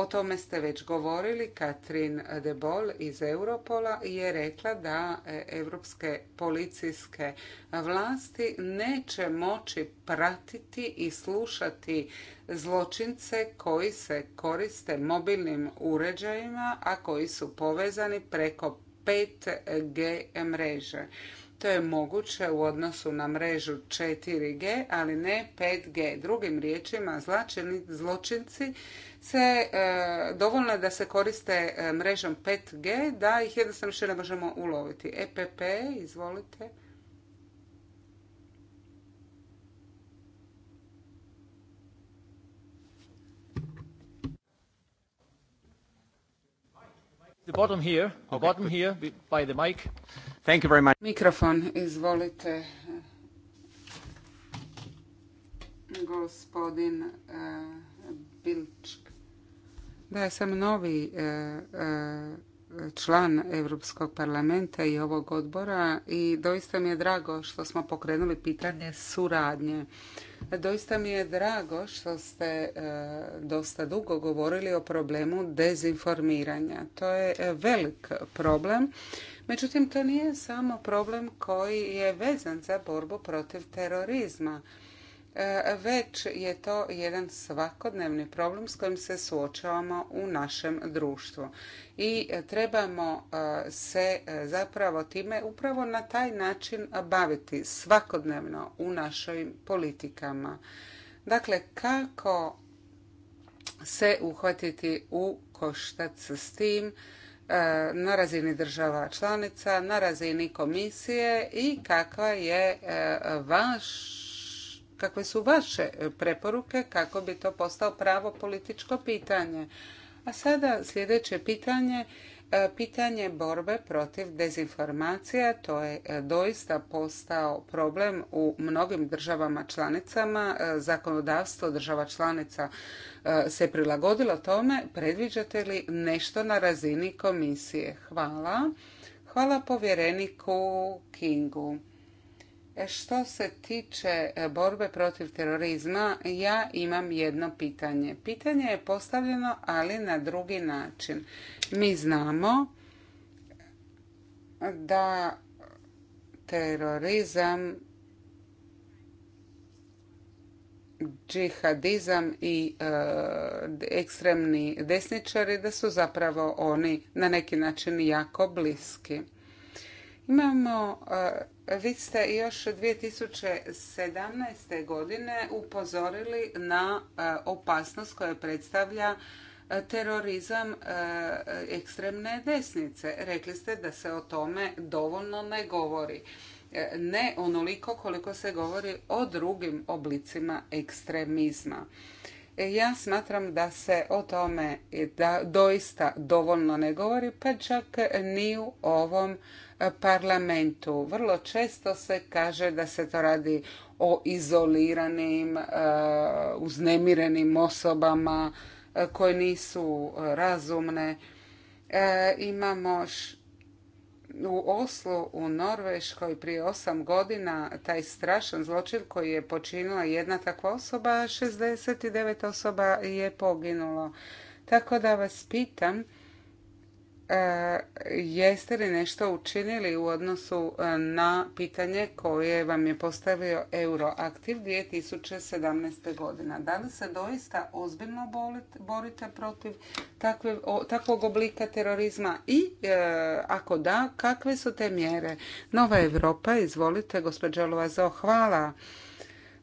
o tome ste već govorili. Katrin Debol iz Europola je rekla da europske policijske vlasti neće moći pratiti i slušati zločince koji se koriste mobilnim uređajima, a koji su povezani preko 5G mreže. To je moguće u odnosu na mrežu 4G, ali ne 5G. Drugim riječima, zločinci se e, dovoljno je da se koriste e, mrežom 5G, da ih jednostavno više ne možemo uloviti. EPP, izvolite. The bottom here, the bottom here by the mic. Thank you very much. Mikrofon, izvolite. Gospodin e, Bilčk. Da, sam novi e, e, član Europskog parlamenta i ovog odbora i doista mi je drago što smo pokrenuli pitanje suradnje. Doista mi je drago što ste e, dosta dugo govorili o problemu dezinformiranja. To je e, velik problem. Međutim, to nije samo problem koji je vezan za borbu protiv terorizma već je to jedan svakodnevni problem s kojim se suočavamo u našem društvu. I trebamo e, se e, zapravo time upravo na taj način baviti svakodnevno u našim politikama. Dakle, kako se uhvatiti u koštac s tim e, na razini država članica, na razini komisije i kakva je vaš kakve su vaše e, preporuke kako bi to postao pravo političko pitanje. A sada sljedeće pitanje, e, pitanje borbe protiv dezinformacija, to je e, doista postao problem u mnogim državama članicama, zakonodavstvo država članica se prilagodilo tome, predviđate li nešto na razini komisije? Hvala. Hvala povjereniku Kingu. E, što se tiče e, borbe protiv terorizma, ja imam jedno pitanje. Pitanje je postavljeno, ali na drugi način. Mi znamo da terorizam, džihadizam i e, ekstremni desničari, da su zapravo oni na neki način jako bliski. Imamo vi ste još 2017. godine upozorili na e, opasnost koja predstavlja e, terorizam e, ekstremne desnice. Rekli ste da se o tome dovoljno ne govori. Ne onoliko koliko se govori o drugim oblicima ekstremizma. Ja smatram da se o tome da doista dovoljno ne govori, pa čak ni u ovom parlamentu. Vrlo često se kaže da se to radi o izoliranim, e, uznemirenim osobama e, koje nisu razumne. E, imamo u Oslu u Norveškoj prije osam godina taj strašan zločin koji je počinila jedna takva osoba, 69 osoba je poginulo. Tako da vas pitam, E, jeste li nešto učinili u odnosu e, na pitanje koje vam je postavio Euroaktiv 2017. godina. Da li se doista ozbiljno borite protiv takvog oblika terorizma i e, ako da, kakve su te mjere? Nova Europa, izvolite, gospođo Lovazo, hvala.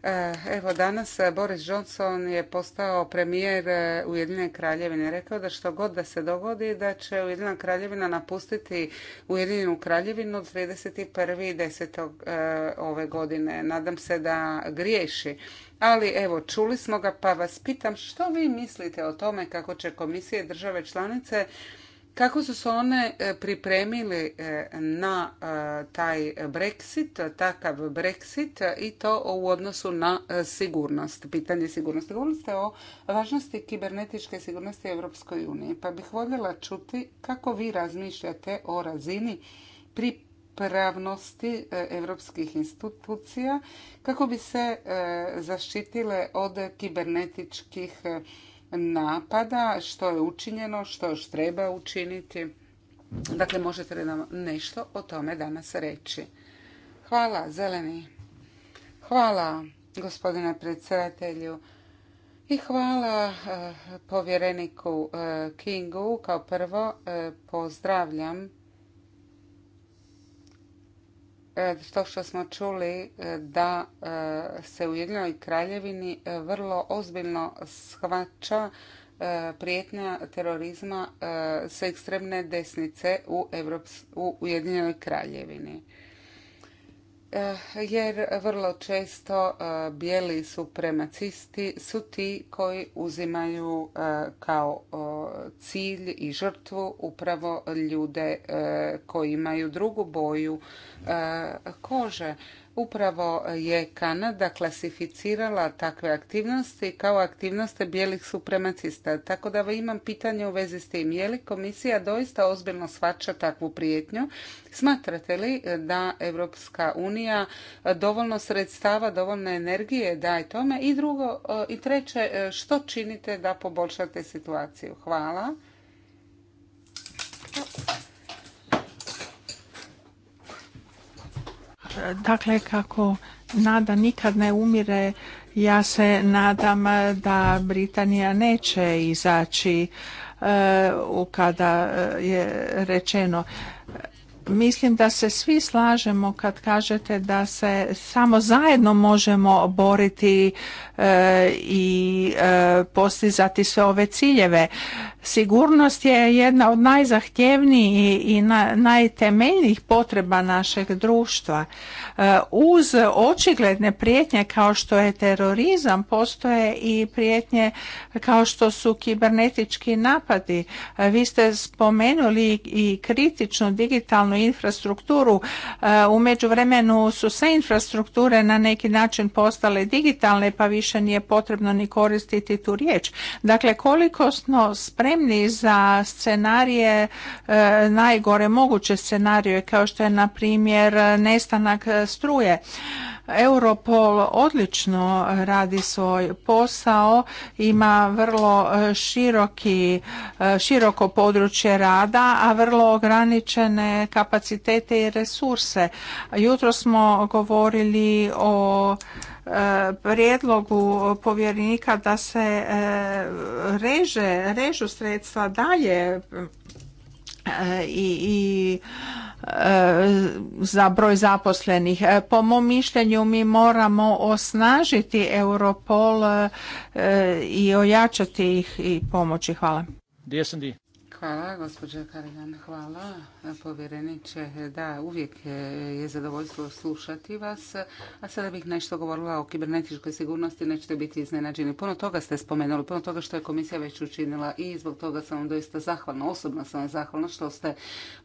Eh, evo danas eh, Boris Johnson je postao premijer eh, Ujedinjene kraljevine. Rekao da što god da se dogodi da će Ujedinjena kraljevina napustiti Ujedinjenu kraljevinu 31.10. ove godine. Nadam se da griješi. Ali evo, čuli smo ga pa vas pitam što vi mislite o tome kako će komisije države članice kako su se one e, pripremili e, na e, taj Brexit, takav Brexit i to u odnosu na sigurnost, pitanje sigurnosti. Govorili ste o važnosti kibernetičke sigurnosti Europskoj uniji, pa bih voljela čuti kako vi razmišljate o razini pripravnosti europskih institucija kako bi se zaštitile od kibernetičkih napada, što je učinjeno, što još treba učiniti. Dakle, možete li nam nešto o tome danas reći? Hvala, Zeleni. Hvala, gospodine predsjedatelju. I hvala eh, povjereniku eh, Kingu. Kao prvo, eh, pozdravljam E, to što smo čuli e, da e, se u Jednoj kraljevini vrlo ozbiljno shvaća prijetnja terorizma s ekstremne desnice u Ujedinjenoj kraljevini. Eh, jer vrlo često eh, bijeli supremacisti su ti koji uzimaju eh, kao cilj i žrtvu upravo ljude koji imaju drugu boju kože. Upravo je Kanada klasificirala takve aktivnosti kao aktivnosti bijelih supremacista. Tako da imam pitanje u vezi s tim. Je li komisija doista ozbiljno svača takvu prijetnju? Smatrate li da Europska unija dovoljno sredstava, dovoljno energije daje tome? I drugo, e, i treće, e, što činite da poboljšate situaciju? Hvala. Dakle, kako nada nikad ne umire, ja se nadam da Britanija neće izaći e, kada je rečeno mislim da se svi slažemo kad kažete da se samo zajedno možemo boriti e, i e, postizati sve ove ciljeve. Sigurnost je jedna od najzahtjevnijih i na, najtemeljnijih potreba našeg društva. E, uz očigledne prijetnje kao što je terorizam postoje i prijetnje kao što su kibernetički napadi. Vi ste spomenuli i kritičnu digitalnu infrastrukturu. E, u međuvremenu su sve infrastrukture na neki način postale digitalne pa više nije potrebno ni koristiti tu riječ. Dakle, koliko smo spremni za scenarije e, najgore moguće scenarije kao što je na primjer nestanak struje. Europol odlično radi svoj posao, ima vrlo e, široki, e, široko područje rada, a vrlo ograničene kapacitete i resurse. Jutro smo govorili o e, prijedlogu povjerenika da se reže, režu sredstva dalje i, i E, za broj zaposlenih. E, po mom mišljenju mi moramo osnažiti Europol e, i ojačati ih i pomoći. Hvala. Hvala, gospođa Karigan, hvala. Povjereniče, da, uvijek je zadovoljstvo slušati vas. A sada bih nešto govorila o kibernetičkoj sigurnosti, nećete biti iznenađeni. Puno toga ste spomenuli, puno toga što je komisija već učinila i zbog toga sam vam doista zahvalna, osobno sam vam zahvalna što ste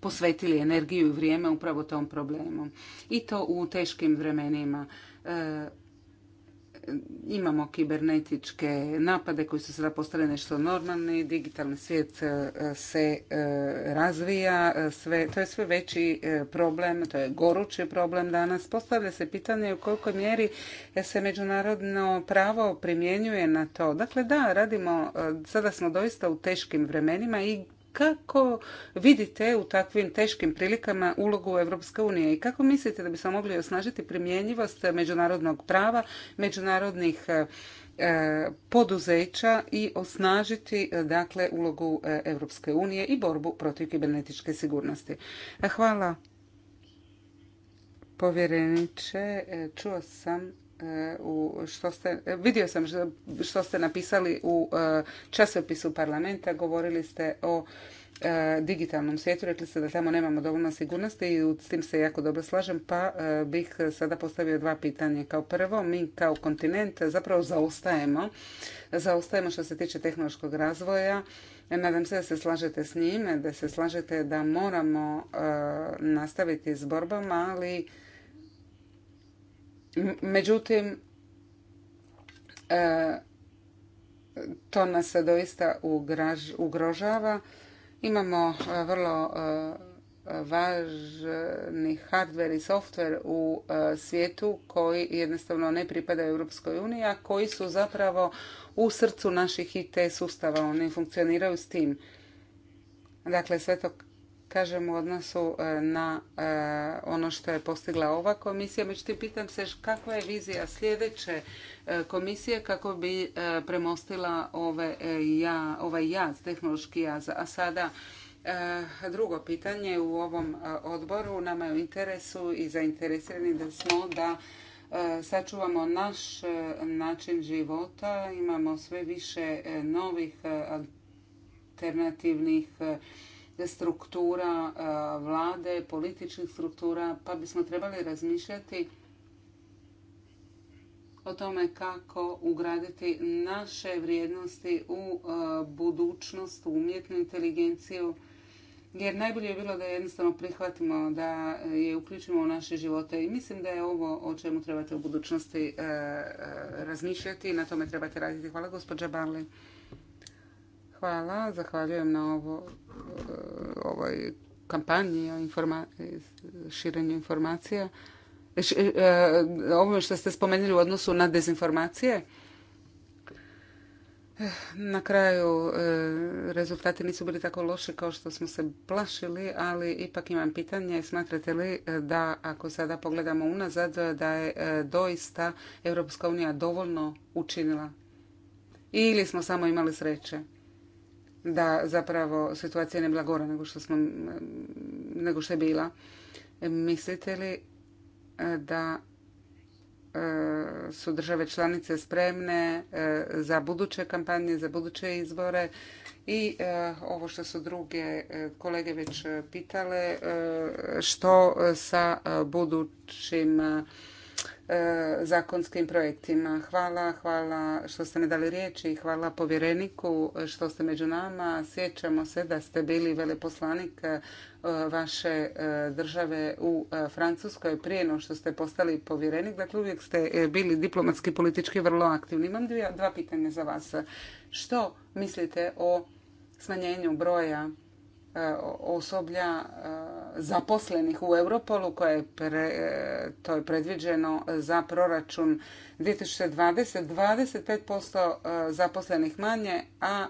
posvetili energiju i vrijeme upravo tom problemu. I to u teškim vremenima e, imamo kibernetičke napade koji su sada postali nešto normalni, digitalni svijet e, se e, razvija, e, sve, to je sve veći problem, to je gorući problem danas. Postavlja se pitanje u kolikoj mjeri se međunarodno pravo primjenjuje na to. Dakle, da, radimo, sada smo doista u teškim vremenima i kako vidite u takvim teškim prilikama ulogu Evropske unije i kako mislite da bi se mogli osnažiti primjenjivost međunarodnog prava, međunarodnih e, poduzeća i osnažiti e, dakle ulogu e, Evropske unije i borbu protiv kibernetičke sigurnosti. Hvala povjereniče, čuo sam u što ste, vidio sam što ste napisali u e, časopisu parlamenta, govorili ste o e, digitalnom svijetu, rekli ste da tamo nemamo dovoljno sigurnosti i s tim se jako dobro slažem, pa e, bih sada postavio dva pitanja. Kao prvo, mi kao kontinent zapravo zaostajemo, zaostajemo što se tiče tehnološkog razvoja, Nadam se da se slažete s njime, da se slažete da moramo nastaviti s borbama, ali Međutim, e, to nas doista ugrožava. Imamo e, vrlo e, važni hardware i software u svijetu koji jednostavno ne pripada Europskoj uniji, a koji su zapravo u srcu naših IT sustava. Oni funkcioniraju s tim. Dakle, sve to kažem u odnosu e, na e, ono što je postigla ova komisija, međutim pitam se kakva je vizija sljedeće e, komisije kako bi premostila ove ja, ovaj jaz, tehnološki jaz. A sada drugo pitanje u ovom odboru nama je u interesu i zainteresirani da smo da sačuvamo naš način života, imamo sve više novih alternativnih struktura e, vlade, političkih struktura, pa bismo trebali razmišljati o tome kako ugraditi naše vrijednosti u e, budućnost, u umjetnu inteligenciju, jer najbolje je bilo da jednostavno prihvatimo, da je uključimo u naše živote i mislim da je ovo o čemu trebate u budućnosti e, razmišljati i na tome trebate raditi. Hvala gospođa Barley. Hvala, zahvaljujem na ovo ovoj kampanji o širenju informacija, e, e, ovo što ste spomenuli u odnosu na dezinformacije, na kraju e, rezultati nisu bili tako loši kao što smo se plašili, ali ipak imam pitanje. Smatrate li da ako sada pogledamo unazad da je doista Europska unija dovoljno učinila? Ili smo samo imali sreće? da zapravo situacija ne bila gora nego što, smo, nego što je bila. Mislite li e, da e, su države članice spremne e, za buduće kampanje, za buduće izbore i ovo što su druge kolege već pitale, što sa budućim E, zakonskim projektima. Hvala, hvala što ste mi dali riječ i hvala povjereniku što ste među nama. Sjećamo se da ste bili veleposlanik e, vaše e, države u Francuskoj prije no što ste postali povjerenik. Dakle, uvijek ste bili diplomatski politički vrlo aktivni. Imam dva pitanja za vas. Što mislite o smanjenju broja E, osoblja e, zaposlenih u Europolu koje je e, to je predviđeno za proračun 2020 25% zaposlenih manje a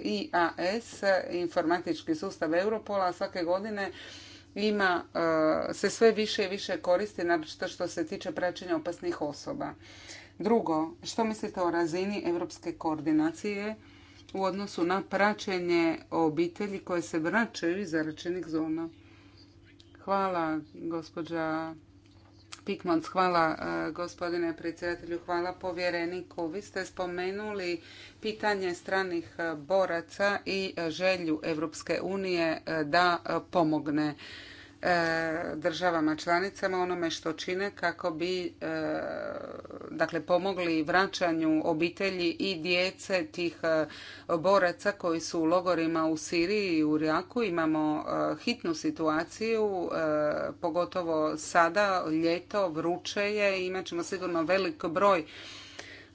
IAS informatički sustav Europola svake godine ima se sve više i više koristi naročito što se tiče praćenja opasnih osoba. Drugo, što mislite o razini europske koordinacije u odnosu na praćenje obitelji koje se vraćaju iz zaračenih zona. Hvala, gospođa Pikmans, hvala e, gospodine predsjedatelju, hvala povjereniku. Vi ste spomenuli pitanje stranih e, boraca i e, želju Europske unije da pomogne E, državama članicama onome što čine kako bi e, dakle pomogli vraćanju obitelji i djece tih e, boraca koji su u logorima u Siriji i u Iraku imamo hitnu situaciju pogotovo sada ljeto vruće je imat ćemo sigurno velik broj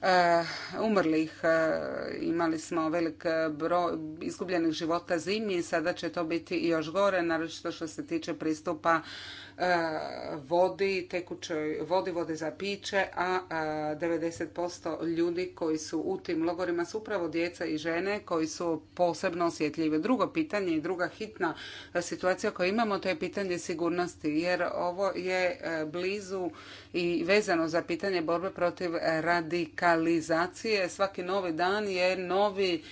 Eh, umrlih. Eh, imali smo velik eh, broj izgubljenih života zimi sada će to biti još gore, naročito što se tiče pristupa vodi, tekućoj vodi, vode za piće, a 90% ljudi koji su u tim logorima su upravo djeca i žene koji su posebno osjetljive. Drugo pitanje i druga hitna situacija koju imamo to je pitanje sigurnosti jer ovo je e, blizu i vezano za pitanje borbe protiv radikalizacije. Svaki novi dan je novi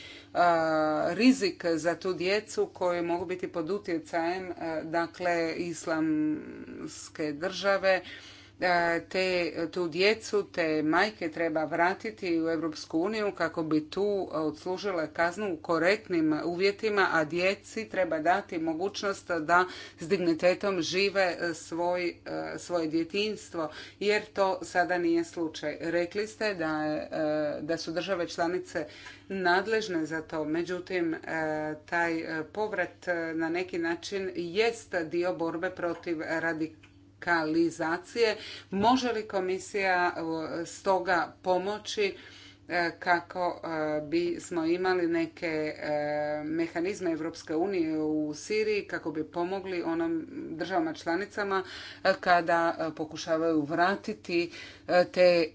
rizik za tu djecu koji mogu biti pod utjecajem dakle islamske države E, te, tu djecu, te majke treba vratiti u Europsku uniju kako bi tu odslužile kaznu u korektnim uvjetima, a djeci treba dati mogućnost da s dignitetom žive e, svoj, e, svoje djetinstvo, jer to sada nije slučaj. Rekli ste da, da su države članice nadležne za to, međutim taj povrat na neki način jest dio borbe protiv radi radikalizacije. Može li komisija stoga pomoći e, kako e, bi smo imali neke e, mehanizme Europske unije u Siriji kako bi pomogli onom državama članicama kada pokušavaju vratiti te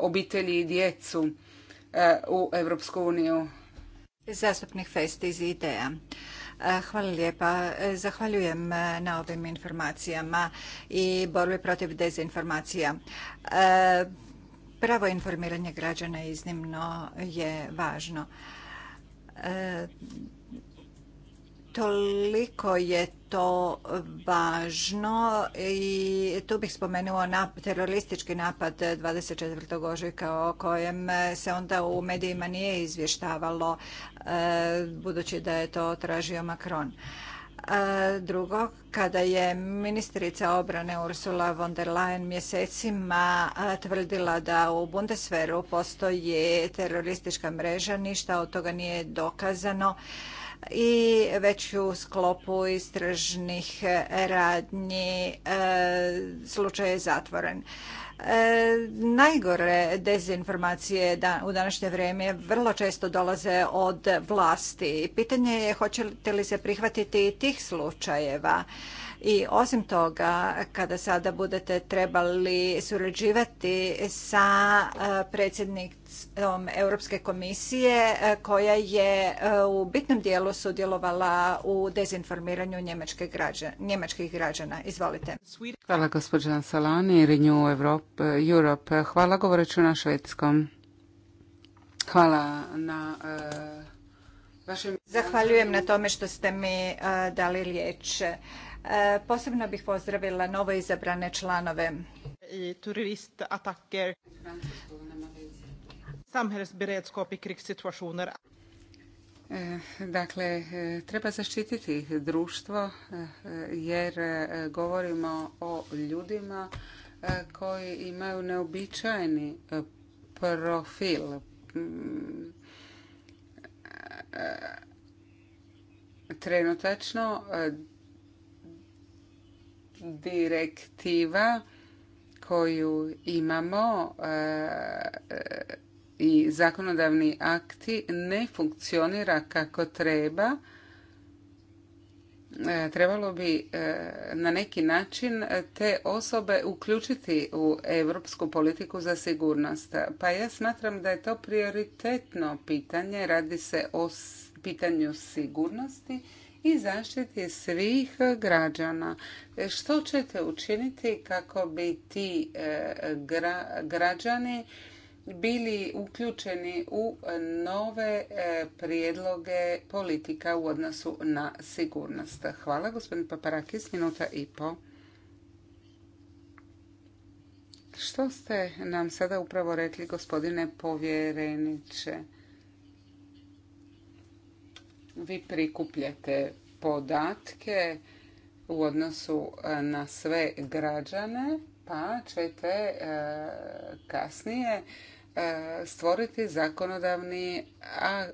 obitelji i djecu u Europsku uniju. Zastupnik festi iz IDEA. E, hvala lijepa. E, zahvaljujem e, na ovim informacijama i borbi protiv dezinformacija. Pravo informiranje građana iznimno je važno toliko je to važno i tu bih spomenuo na teroristički napad 24. ožujka o kojem se onda u medijima nije izvještavalo e, budući da je to tražio Macron. E, drugo, kada je ministrica obrane Ursula von der Leyen mjesecima e, tvrdila da u Bundesveru postoji teroristička mreža, ništa od toga nije dokazano i već u sklopu istražnih radnji e, slučaj je zatvoren. E, najgore dezinformacije u današnje vrijeme vrlo često dolaze od vlasti. Pitanje je hoćete li se prihvatiti tih slučajeva i osim toga, kada sada budete trebali surađivati sa e, predsjednicom Europske komisije e, koja je e, u bitnom dijelu sudjelovala u dezinformiranju njemačkih građana. Izvolite. Hvala gospođa Salani, Renew Europe. Europe. Hvala govoreću na švedskom. Hvala na vašem... Zahvaljujem na tome što ste mi dali riječ. E, posebno bih pozdravila novo izabrane članove. I turist ataker. E, dakle, e, treba zaštititi društvo jer govorimo o ljudima koji imaju neobičajni profil. Mm, trenutačno direktiva koju imamo e, e, i zakonodavni akti ne funkcionira kako treba e, trebalo bi na neki način te osobe uključiti u europsku politiku za sigurnost. Pa ja smatram da je to prioritetno pitanje, radi se o pitanju sigurnosti i zaštiti svih građana. E, što ćete učiniti kako bi ti e, građani bili uključeni u nove e, prijedloge politika u odnosu na sigurnost. Hvala, gospodin Paparakis, minuta i po. Što ste nam sada upravo rekli, gospodine povjereniče? vi prikupljate podatke u odnosu e, na sve građane, pa ćete e, kasnije e, stvoriti zakonodavni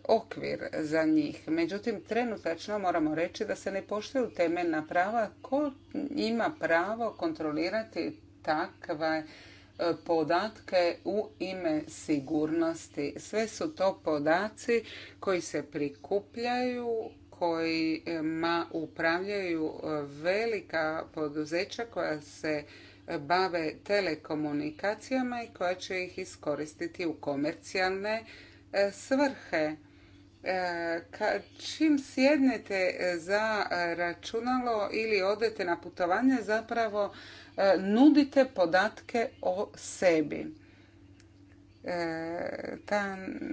okvir za njih. Međutim, trenutačno moramo reći da se ne poštuju temeljna prava. Ko ima pravo kontrolirati takve E, podatke u ime sigurnosti. Sve su to podaci koji se prikupljaju kojima e, upravljaju e, velika poduzeća koja se bave telekomunikacijama i koja će ih iskoristiti u komercijalne svrhe. čim sjednete za računalo ili odete na putovanje, zapravo E, nudite podatke o sebi. E,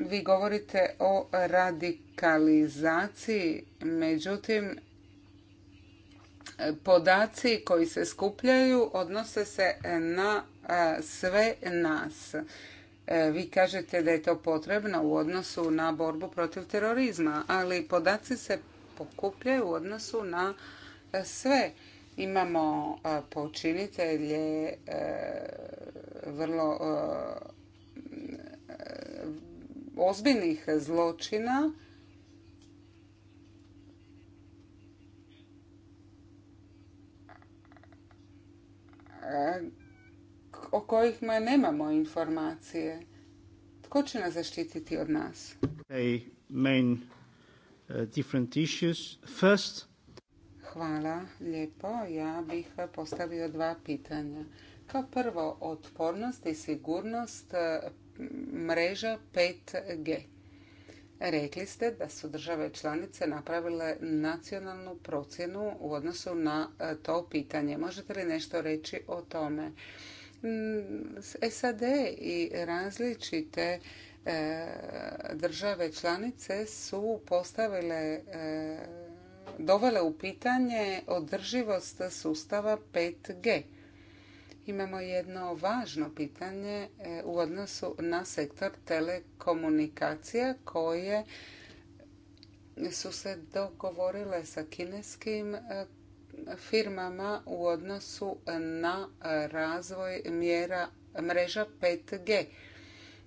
vi govorite o radikalizaciji, međutim, podaci koji se skupljaju odnose se na e, sve nas. Vi kažete da je to potrebno u odnosu na borbu protiv terorizma, ali podaci se pokupljaju u odnosu na sve Imamo počinitelje e, vrlo e, ozbiljnih zločina o kojih nemamo informacije. Tko će nas zaštititi od nas? main e, different issues. First, Hvala lijepo. Ja bih postavio dva pitanja. Kao prvo, otpornost i sigurnost e, mreža 5G. Rekli ste da su države članice napravile nacionalnu procjenu u odnosu na e, to pitanje. Možete li nešto reći o tome? Mm, SAD i različite e, države članice su postavile dovele u pitanje održivost sustava 5G. Imamo jedno važno pitanje e, u odnosu na sektor telekomunikacija koje su se dogovorile sa kineskim e, firmama u odnosu na razvoj mjera mreža 5G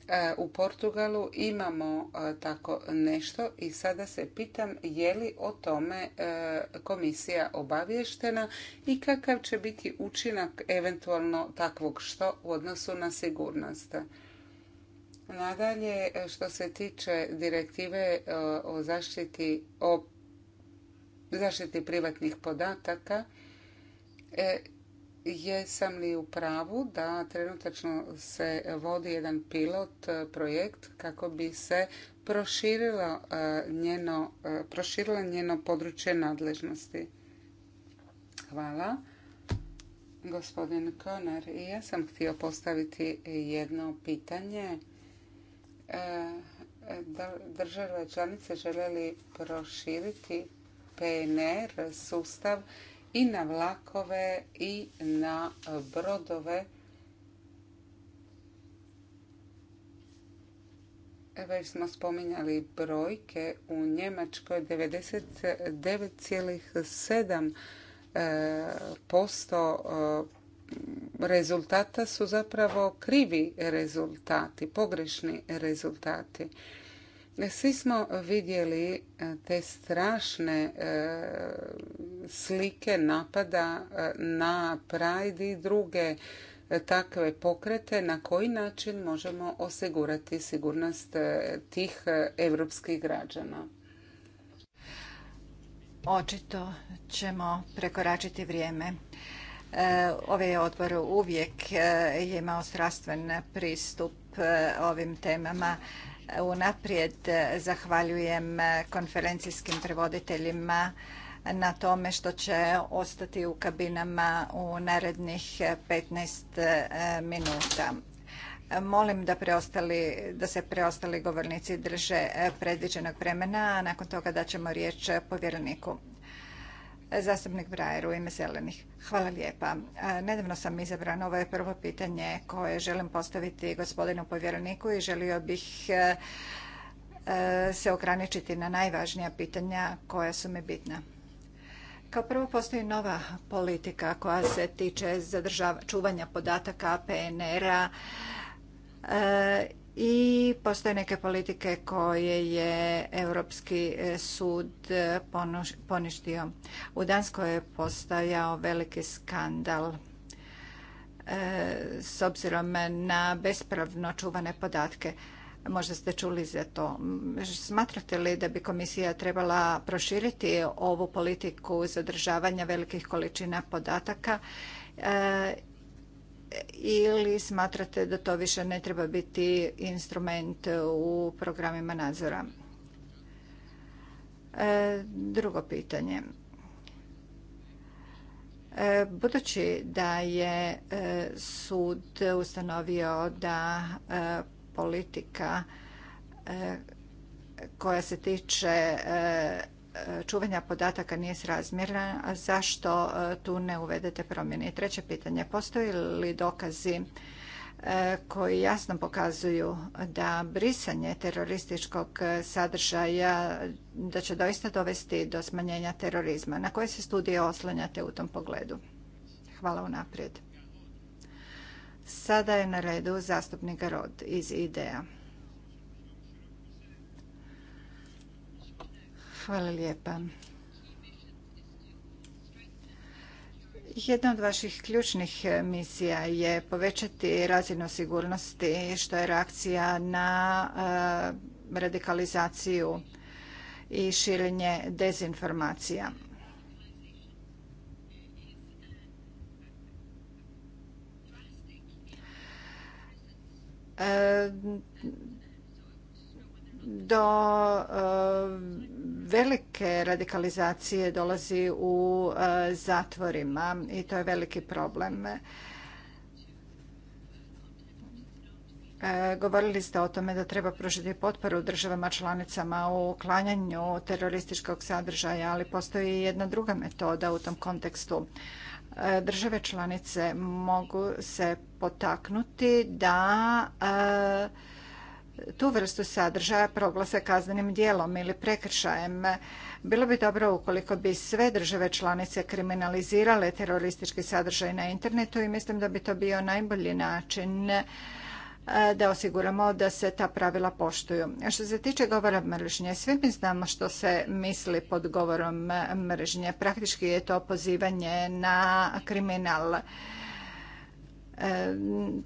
E, u Portugalu imamo e, tako nešto i sada se pitam je li o tome e, komisija obavještena i kakav će biti učinak eventualno takvog što u odnosu na sigurnost. Nadalje, što se tiče direktive o zaštiti, o zaštiti privatnih podataka, jesam li u pravu da trenutačno se vodi jedan pilot e, projekt kako bi se proširilo e, njeno, e, proširilo njeno područje nadležnosti? Hvala. Gospodin Konar, ja sam htio postaviti jedno pitanje. Države članice žele li proširiti PNR sustav i na vlakove i na e, brodove. E, već smo spominjali brojke u Njemačkoj 99,7 e, posto rezultata su zapravo krivi rezultati, pogrešni rezultati. Svi smo vidjeli e, te strašne e, slike napada e, na Pride i druge takve pokrete, na koji način možemo osigurati sigurnost tih evropskih građana. Očito ćemo prekoračiti vrijeme. Ovaj odbor uvijek je imao strastven pristup ovim temama unaprijed e, zahvaljujem e, konferencijskim prevoditeljima na tome što će ostati u kabinama u narednih 15 e, minuta. Molim da, preostali, da se preostali govornici drže predviđenog vremena, a nakon toga ćemo riječ povjereniku. Zastupnik Brajer u ime Zelenih. Hvala lijepa. E, nedavno sam izabrana. ovo je prvo pitanje koje želim postaviti gospodinu povjereniku i želio bih e, e, se ograničiti na najvažnija pitanja koja su mi bitna. Kao prvo postoji nova politika koja se tiče čuvanja podataka PNR-a i postoje neke politike koje je Europski e, sud e, poništio. U Danskoj je postojao veliki skandal e, s obzirom na bespravno čuvane podatke. Možda ste čuli za to. Smatrate li da bi komisija trebala proširiti ovu politiku zadržavanja velikih količina podataka ili smatrate da to više ne treba biti instrument u programima nadzora? E, drugo pitanje. E, budući da je e, sud ustanovio da politika koja se tiče čuvanja podataka nije srazmjerna, zašto e, tu ne uvedete promjene? I treće pitanje, postoji li dokazi e, koji jasno pokazuju da brisanje terorističkog sadržaja da će doista dovesti do smanjenja terorizma. Na koje se studije oslanjate u tom pogledu? Hvala unaprijed. Sada je na redu zastupnik Rod iz IDEA. Hvala lijepa. Jedna od vaših ključnih misija je povećati razinu sigurnosti što je reakcija na eh, radikalizaciju i širenje dezinformacija. Eh, do e, velike radikalizacije dolazi u e, zatvorima i to je veliki problem. E, govorili ste o tome da treba pružiti potporu državama članicama u uklanjanju terorističkog sadržaja, ali postoji i jedna druga metoda u tom kontekstu. Države članice mogu se potaknuti da tu vrstu sadržaja proglase kaznenim djelom ili prekršajem. Bilo bi dobro ukoliko bi sve države članice kriminalizirale teroristički sadržaj na internetu i mislim da bi to bio najbolji način e, da osiguramo da se ta pravila poštuju. Što se tiče govora mržnje, svi mi znamo što se misli pod govorom mržnje. Praktički je to pozivanje na kriminal E,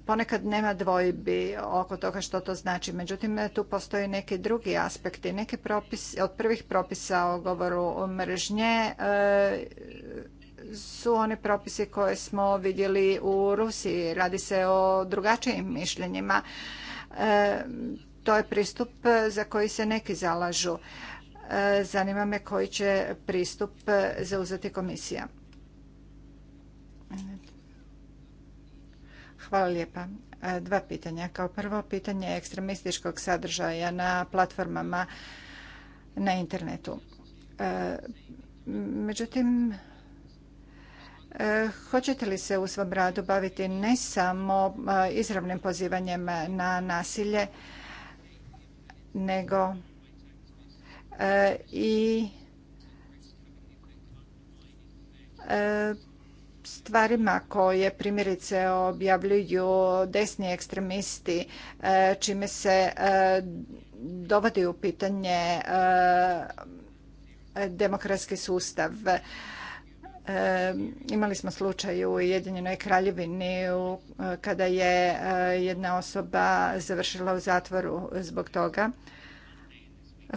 ponekad nema dvojbi oko toga što to znači, međutim tu postoje neki drugi aspekti. Neki propisi od prvih propisa o govoru mržnje e, su oni propisi koje smo vidjeli u Rusiji. Radi se o drugačijim mišljenjima. E, to je pristup za koji se neki zalažu. Zanima me koji će pristup zauzeti komisija. Hvala lijepa. E, dva pitanja. Kao prvo pitanje ekstremističkog sadržaja na platformama na internetu. E, međutim, e, Hoćete li se u svom radu baviti ne samo izravnim pozivanjem na nasilje, nego i stvarima koje primjerice objavljuju desni ekstremisti e, čime se e, dovodi u pitanje e, demokratski sustav. Imali smo slučaj u Jedinjenoj kraljevini kada je jedna osoba završila u zatvoru zbog toga.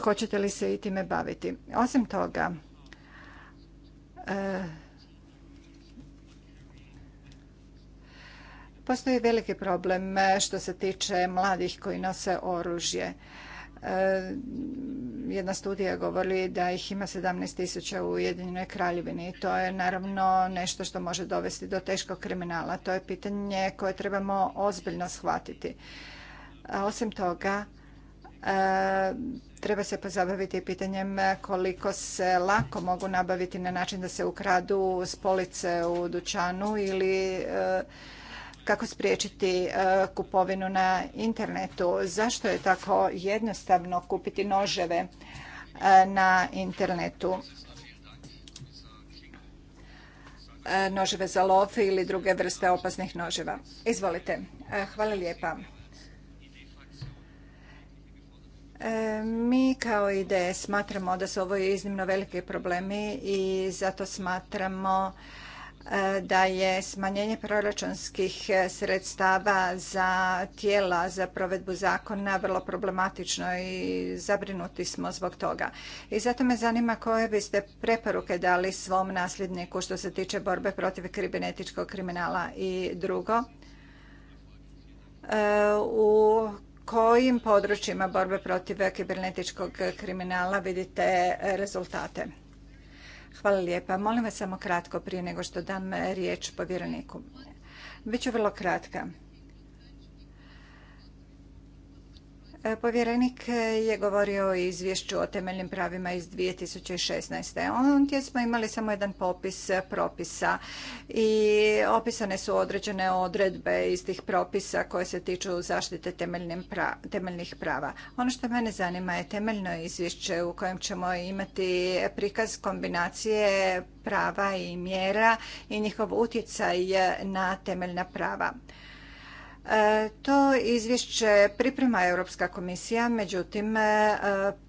Hoćete li se i time baviti? Osim toga, Postoji veliki problem e, što se tiče mladih koji nose oružje. E, jedna studija govori da ih ima 17.000 u Ujedinjenoj kraljevini i to je naravno nešto što može dovesti do teškog kriminala. To je pitanje koje trebamo ozbiljno shvatiti. E, osim toga, treba se pozabaviti pitanjem koliko se lako mogu nabaviti na način da se ukradu s police u dućanu ili kako spriječiti e, kupovinu na internetu, zašto je tako jednostavno kupiti noževe e, na internetu e, noževe za lov ili druge vrste opasnih noževa. Izvolite. Hvala lijepa. Mi kao IDE smatramo da su ovo iznimno velike problemi i zato smatramo E, da je smanjenje proračunskih e, sredstava za tijela za provedbu zakona vrlo problematično i zabrinuti smo zbog toga. I zato me zanima koje biste preporuke dali svom nasljedniku što se tiče borbe protiv kribinetičkog kriminala i drugo. E, u kojim područjima borbe protiv kibernetičkog kriminala vidite rezultate? Hvala lijepa. Molim vas samo kratko prije nego što dam riječ povjereniku. Biću vrlo kratka. Povjerenik je govorio o izvješću o temeljnim pravima iz 2016. gdje smo imali samo jedan popis propisa i opisane su određene odredbe iz tih propisa koje se tiču zaštite temeljnih prava. Ono što mene zanima je temeljno izvješće u kojem ćemo imati prikaz kombinacije prava i mjera i njihov utjecaj na temeljna prava. E, to izvješće priprema Europska komisija, međutim e,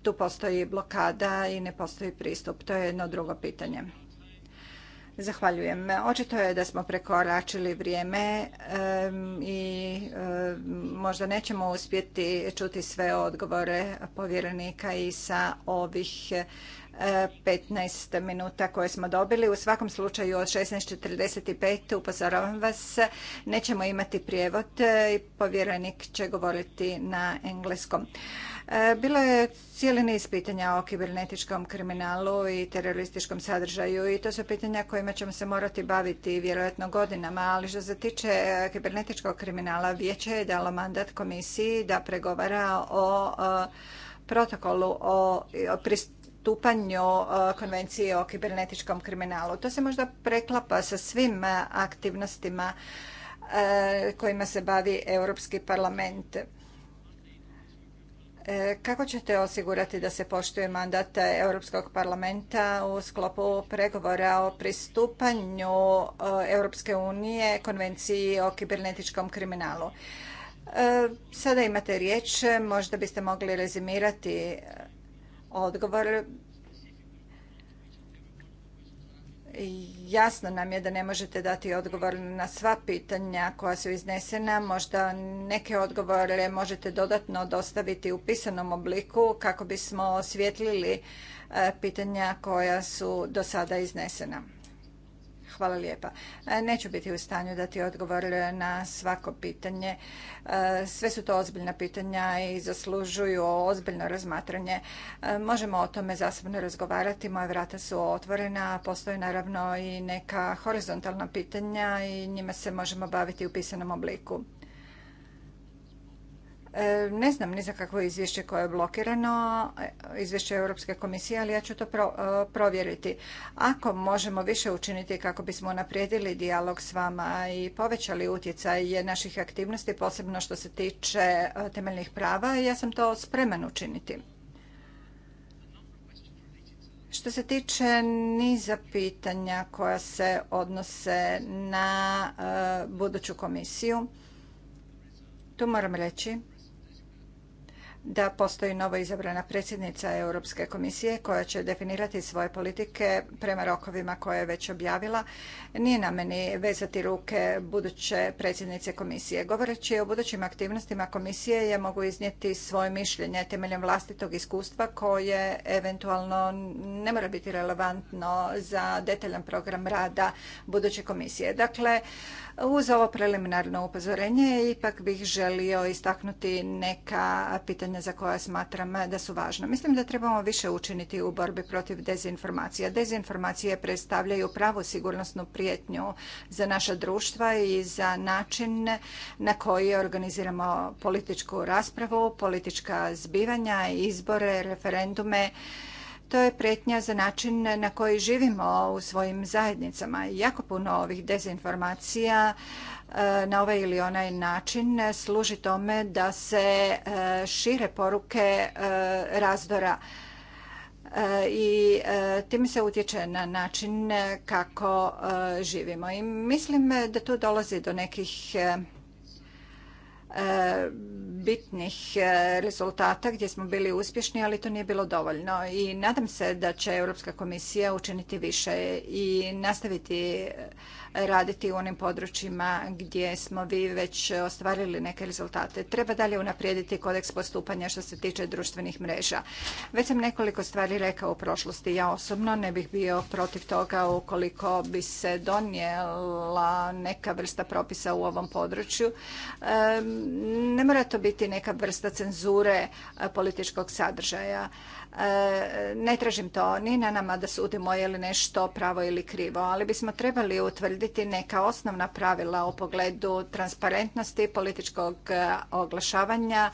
tu postoji blokada i ne postoji pristup. To je jedno drugo pitanje. Zahvaljujem. Očito je da smo prekoračili vrijeme i možda nećemo uspjeti čuti sve odgovore povjerenika i sa ovih 15 minuta koje smo dobili. U svakom slučaju od 16.45 upozoravam vas, nećemo imati prijevod i povjerenik će govoriti na engleskom. E, bilo je cijeli niz pitanja o kibernetičkom kriminalu i terorističkom sadržaju i to su pitanja kojima ćemo se morati baviti vjerojatno godinama, ali što se tiče e, kibernetičkog kriminala, vijeće je dalo mandat komisiji da pregovara o e, protokolu o, pristupu pristupanju uh, konvencije o kibernetičkom kriminalu. To se možda preklapa sa svim uh, aktivnostima uh, kojima se bavi Europski parlament. Kako ćete osigurati da se poštuje mandat Europskog parlamenta u sklopu pregovora o pristupanju Europske unije konvenciji o kibernetičkom kriminalu? Sada imate riječ, možda biste mogli rezimirati Odgovor Jasno nam je da ne možete dati odgovor na sva pitanja koja su iznesena. Možda neke odgovore možete dodatno dostaviti u pisanom obliku kako bismo osvjetlili e, pitanja koja su do sada iznesena. Hvala lijepa. E, neću biti u stanju dati odgovor na svako pitanje. E, sve su to ozbiljna pitanja i zaslužuju ozbiljno razmatranje. E, možemo o tome zasebno razgovarati. Moje vrata su otvorena. Postoje naravno i neka horizontalna pitanja i njima se možemo baviti u pisanom obliku. E, ne znam ni za kakvo izvješće koje je blokirano, e, izvješće Europske komisije, ali ja ću to e, provjeriti. Ako možemo više učiniti kako bismo unaprijedili dijalog s vama i povećali utjecaj naših aktivnosti, posebno što se tiče temeljnih prava, ja sam to spreman učiniti. Što se tiče niza pitanja koja se odnose na buduću komisiju, tu moram reći da postoji novo izabrana predsjednica Europske komisije koja će definirati svoje politike prema rokovima koje je već objavila. Nije na meni vezati ruke buduće predsjednice komisije. Govoreći o budućim aktivnostima komisije ja mogu iznijeti svoje mišljenje temeljem vlastitog iskustva koje eventualno ne mora biti relevantno za detaljan program rada buduće komisije. Dakle, uz ovo preliminarno upozorenje ipak bih želio istaknuti neka pitanja za koja smatram da su važna. Mislim da trebamo više učiniti u borbi protiv dezinformacija. Dezinformacije predstavljaju pravu sigurnosnu prijetnju za naša društva i za način na koji organiziramo političku raspravu, politička zbivanja, izbore, referendume to je pretnja za način na koji živimo u svojim zajednicama. Jako puno ovih dezinformacija e, na ovaj ili onaj način služi tome da se e, šire poruke e, razdora i tim se utječe na način kako živimo. I mislim da tu dolazi do nekih Eh, bitnih eh, rezultata gdje smo bili uspješni, ali to nije bilo dovoljno. I nadam se da će Europska komisija učiniti više i nastaviti eh, raditi u onim područjima gdje smo vi već ostvarili neke rezultate. Treba dalje unaprijediti kodeks postupanja što se tiče društvenih mreža. Već sam nekoliko stvari rekao u prošlosti. Ja osobno ne bih bio protiv toga ukoliko bi se donijela neka vrsta propisa u ovom području. Ne mora to biti neka vrsta cenzure eh, političkog sadržaja. Ne tražim to ni na nama da sudimo je li nešto pravo ili krivo, ali bismo trebali utvrditi neka osnovna pravila u pogledu transparentnosti, političkog e, oglašavanja,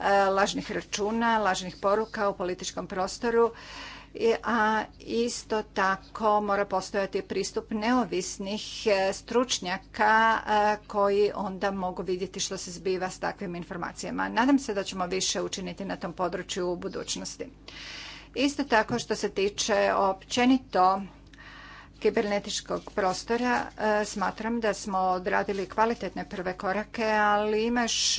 e, lažnih računa, lažnih poruka u političkom prostoru a isto tako mora postojati pristup neovisnih e, stručnjaka e, koji onda mogu vidjeti što se zbiva s takvim informacijama. Nadam se da ćemo više učiniti na tom području u budućnosti. Isto tako što se tiče općenito kibernetičkog prostora e, smatram da smo odradili kvalitetne prve korake, ali imaš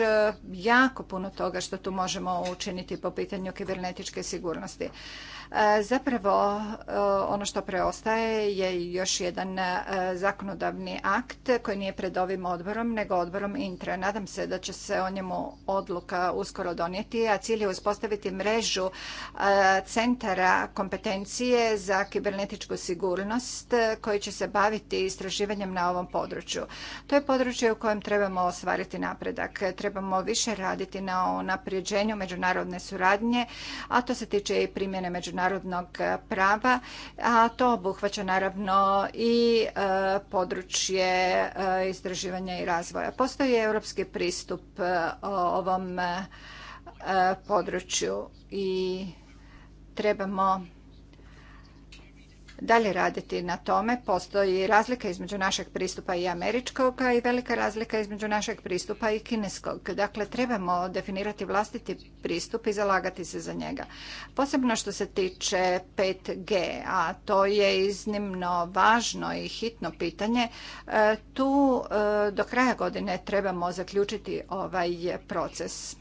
jako puno toga što tu možemo učiniti po pitanju kibernetičke sigurnosti. E, zapravo e, ono što preostaje je još jedan e, zakonodavni akt koji nije pred ovim odborom nego odborom Intra. Nadam se da će se o njemu odluka uskoro donijeti, a cilj je uspostaviti mrežu centara kompetencije za kibernetičku sigurnost koji će se baviti istraživanjem na ovom području. To je područje u kojem trebamo ostvariti napredak. Trebamo više raditi na unapređenju međunarodne suradnje, a to se tiče i primjene međunarodne međunarodnog e, prava, a to obuhvaća naravno i e, područje e, istraživanja i razvoja. Postoji europski pristup ovom području i trebamo dalje raditi na tome. Postoji razlika između našeg pristupa i američkog i velika razlika između našeg pristupa i kineskog. Dakle, trebamo definirati vlastiti pristup i zalagati se za njega. Posebno što se tiče 5G, a to je iznimno važno i hitno pitanje, e, tu e, do kraja godine trebamo zaključiti ovaj proces.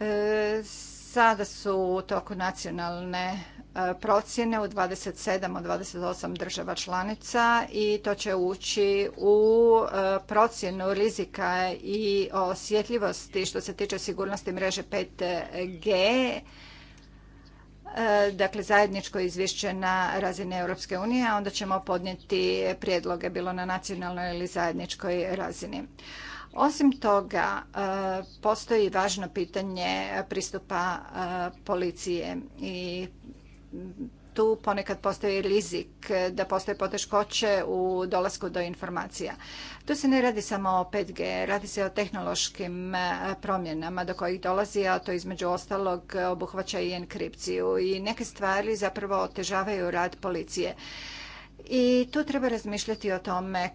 E, Sada su u toku nacionalne e, procjene u 27 od 28 država članica i to će ući u e, procjenu rizika i osjetljivosti što se tiče sigurnosti mreže 5G e, dakle zajedničko izvješće na razini Europske unije, a onda ćemo podnijeti prijedloge bilo na nacionalnoj ili zajedničkoj razini. Osim toga, e, postoji važno pitanje pristupa e, policije i tu ponekad postoji rizik da postoje poteškoće u dolasku do informacija. Tu se ne radi samo o 5G, radi se o tehnološkim e, promjenama do kojih dolazi, a to između ostalog obuhvaća i enkripciju i neke stvari zapravo otežavaju rad policije i tu treba razmišljati o tome e,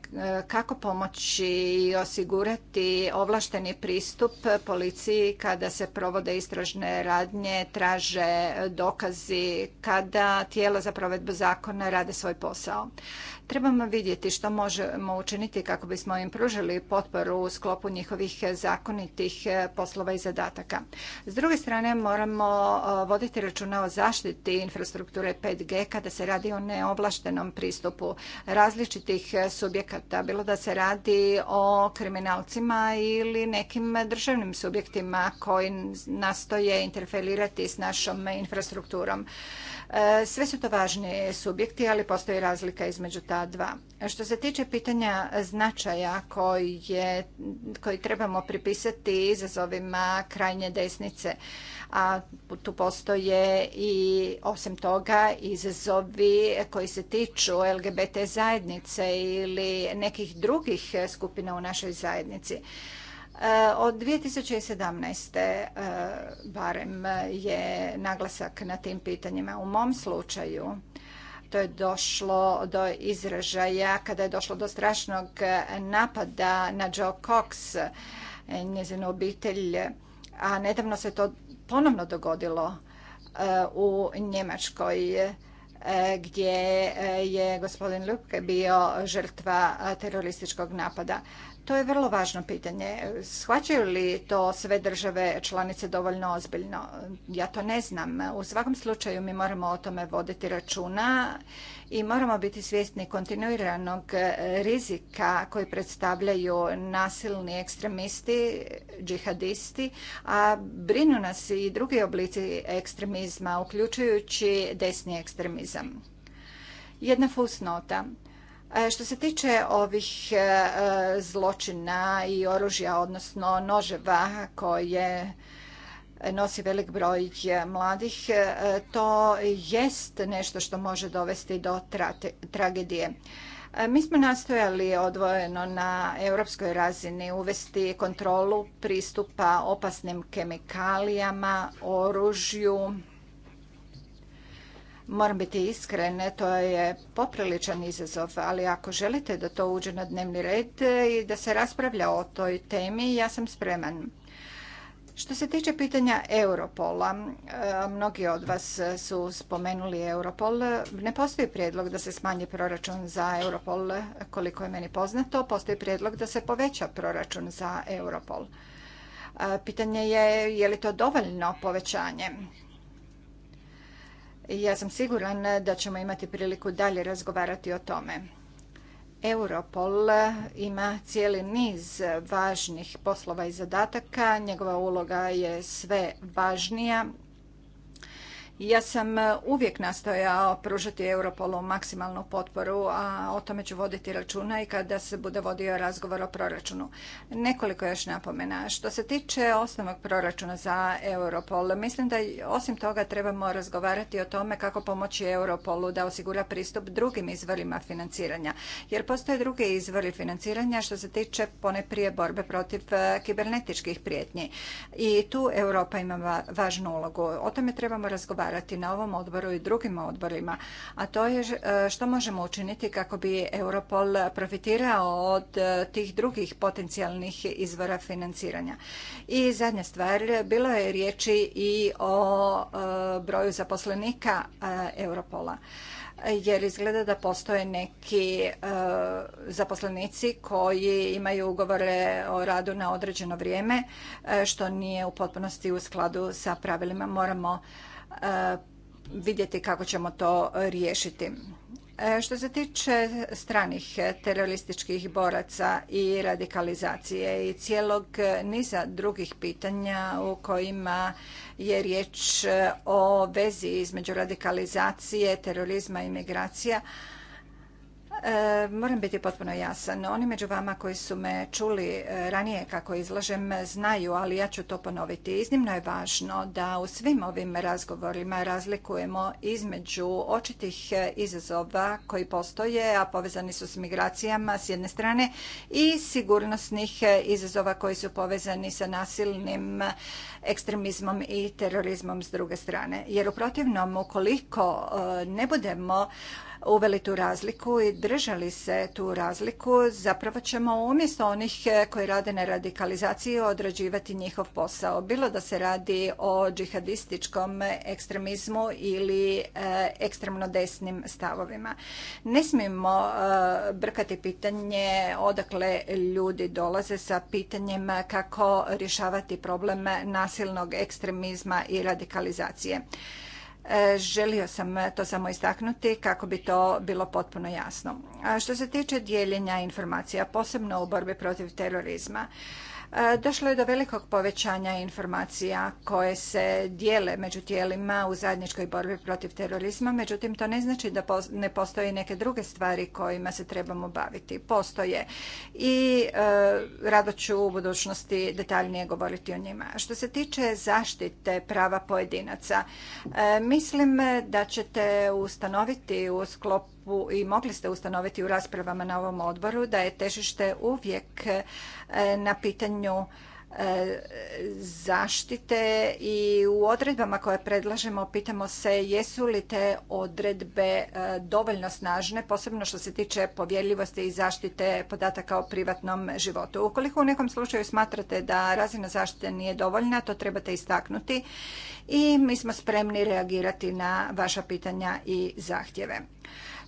kako pomoći osigurati ovlašteni pristup policiji kada se provode istražne radnje, traže dokazi, kada tijela za provedbu zakona rade svoj posao. Trebamo vidjeti što možemo učiniti kako bismo im pružili potporu u sklopu njihovih zakonitih e, poslova i zadataka. S druge strane, moramo e, voditi računa o zaštiti infrastrukture 5G kada se radi o neovlaštenom pristupu različitih e, subjekata, bilo da se radi o kriminalcima ili nekim državnim subjektima koji nastoje interferirati s našom infrastrukturom. E, sve su to važni subjekti, ali postoji razlika između ta dva. Što se tiče pitanja značaja koji, koji trebamo pripisati izazovima krajnje desnice, a tu postoje i osim toga izazovi koji se tiču LGBT zajednice ili nekih drugih skupina u našoj zajednici. Eh, od 2017. Eh, barem eh, je naglasak na tim pitanjima. U mom slučaju to je došlo do izražaja kada je došlo do strašnog napada na Joe Cox, njezinu obitelj, a nedavno se to ponovno dogodilo u Njemačkoj gdje je gospodin Lupke bio žrtva terorističkog napada. To je vrlo važno pitanje. Shvaćaju li to sve države članice dovoljno ozbiljno? Ja to ne znam. U svakom slučaju mi moramo o tome voditi računa i moramo biti svjesni kontinuiranog rizika koji predstavljaju nasilni ekstremisti, džihadisti, a brinu nas i drugi oblici ekstremizma, uključujući desni ekstremizam. Jedna fusnota. E, što se tiče ovih e, zločina i oružja, odnosno noževa koje nosi velik broj mladih, e, to jest nešto što može dovesti do tragedije. Mi smo nastojali odvojeno na europskoj razini uvesti kontrolu pristupa opasnim kemikalijama, oružju, Moram biti iskrene, to je popriličan izazov, ali ako želite da to uđe na dnevni red i da se raspravlja o toj temi, ja sam spreman. Što se tiče pitanja Europola, e, mnogi od vas su spomenuli Europol. Ne postoji prijedlog da se smanji proračun za Europol, koliko je meni poznato. Postoji prijedlog da se poveća proračun za Europol. E, pitanje je je li to dovoljno povećanje. Ja sam siguran da ćemo imati priliku dalje razgovarati o tome. Europol ima cijeli niz važnih poslova i zadataka, njegova uloga je sve važnija ja sam e, uvijek nastojao pružati Europolu maksimalnu potporu, a o tome ću voditi računa i kada se bude vodio razgovor o proračunu. Nekoliko još napomena. Što se tiče osnovnog proračuna za Europol, mislim da osim toga trebamo razgovarati o tome kako pomoći Europolu da osigura pristup drugim izvorima financiranja. Jer postoje drugi izvori financiranja što se tiče pone prije borbe protiv e, kibernetičkih prijetnji. I tu Europa ima važnu ulogu. O tome trebamo razgovarati na ovom odboru i drugim odborima, a to je e, što možemo učiniti kako bi Europol profitirao od e, tih drugih potencijalnih izvora financiranja. I zadnja stvar, bilo je riječi i o e, broju zaposlenika Europola jer izgleda da postoje neki zaposlenici koji imaju ugovore o radu na određeno vrijeme, što nije u potpunosti u skladu sa pravilima. Moramo E, vidjeti kako ćemo to riješiti. E, što se tiče stranih terorističkih boraca i radikalizacije i cijelog niza drugih pitanja u kojima je riječ o vezi između radikalizacije, terorizma i migracija, E, moram biti potpuno jasan. Oni među vama koji su me čuli e, ranije kako izlažem znaju, ali ja ću to ponoviti. Iznimno je važno da u svim ovim razgovorima razlikujemo između očitih e, izazova koji postoje, a povezani su s migracijama s jedne strane i sigurnosnih izazova koji su povezani sa nasilnim ekstremizmom i terorizmom s druge strane. Jer u protivnom, ukoliko ne budemo uveli tu razliku i držali se tu razliku, zapravo ćemo umjesto onih eh, koji rade na radikalizaciji odrađivati njihov posao. Bilo da se radi o džihadističkom ekstremizmu ili eh, ekstremno desnim stavovima. Ne smijemo eh, brkati pitanje odakle ljudi dolaze sa pitanjem kako rješavati problem nasilnog ekstremizma i radikalizacije. E, želio sam to samo istaknuti kako bi to bilo potpuno jasno. što se tiče dijeljenja informacija, posebno u borbi protiv terorizma, E, došlo je do velikog povećanja informacija koje se dijele među tijelima u zajedničkoj borbi protiv terorizma, međutim to ne znači da ne postoje neke druge stvari kojima se trebamo baviti. Postoje i e, rado ću u budućnosti detaljnije govoriti o njima. Što se tiče zaštite prava pojedinaca, e, mislim da ćete ustanoviti u sklopu i mogli ste ustanoviti u raspravama na ovom odboru da je težište uvijek e, na pitanju e, zaštite i u odredbama koje predlažemo pitamo se jesu li te odredbe e, dovoljno snažne, posebno što se tiče povjerljivosti i zaštite podataka o privatnom životu. Ukoliko u nekom slučaju smatrate da razina zaštite nije dovoljna, to trebate istaknuti i mi smo spremni reagirati na vaša pitanja i zahtjeve.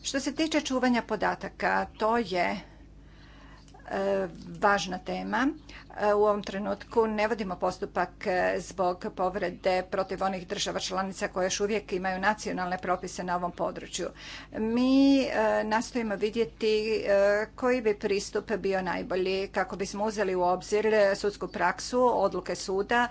Što se tiče čuvanja podataka, to je e, važna tema. E, u ovom trenutku ne vodimo postupak e, zbog povrede protiv onih država članica koje još uvijek imaju nacionalne propise na ovom području. Mi nastojimo vidjeti koji bi pristup bio najbolji kako bismo uzeli u obzir sudsku praksu, odluke suda,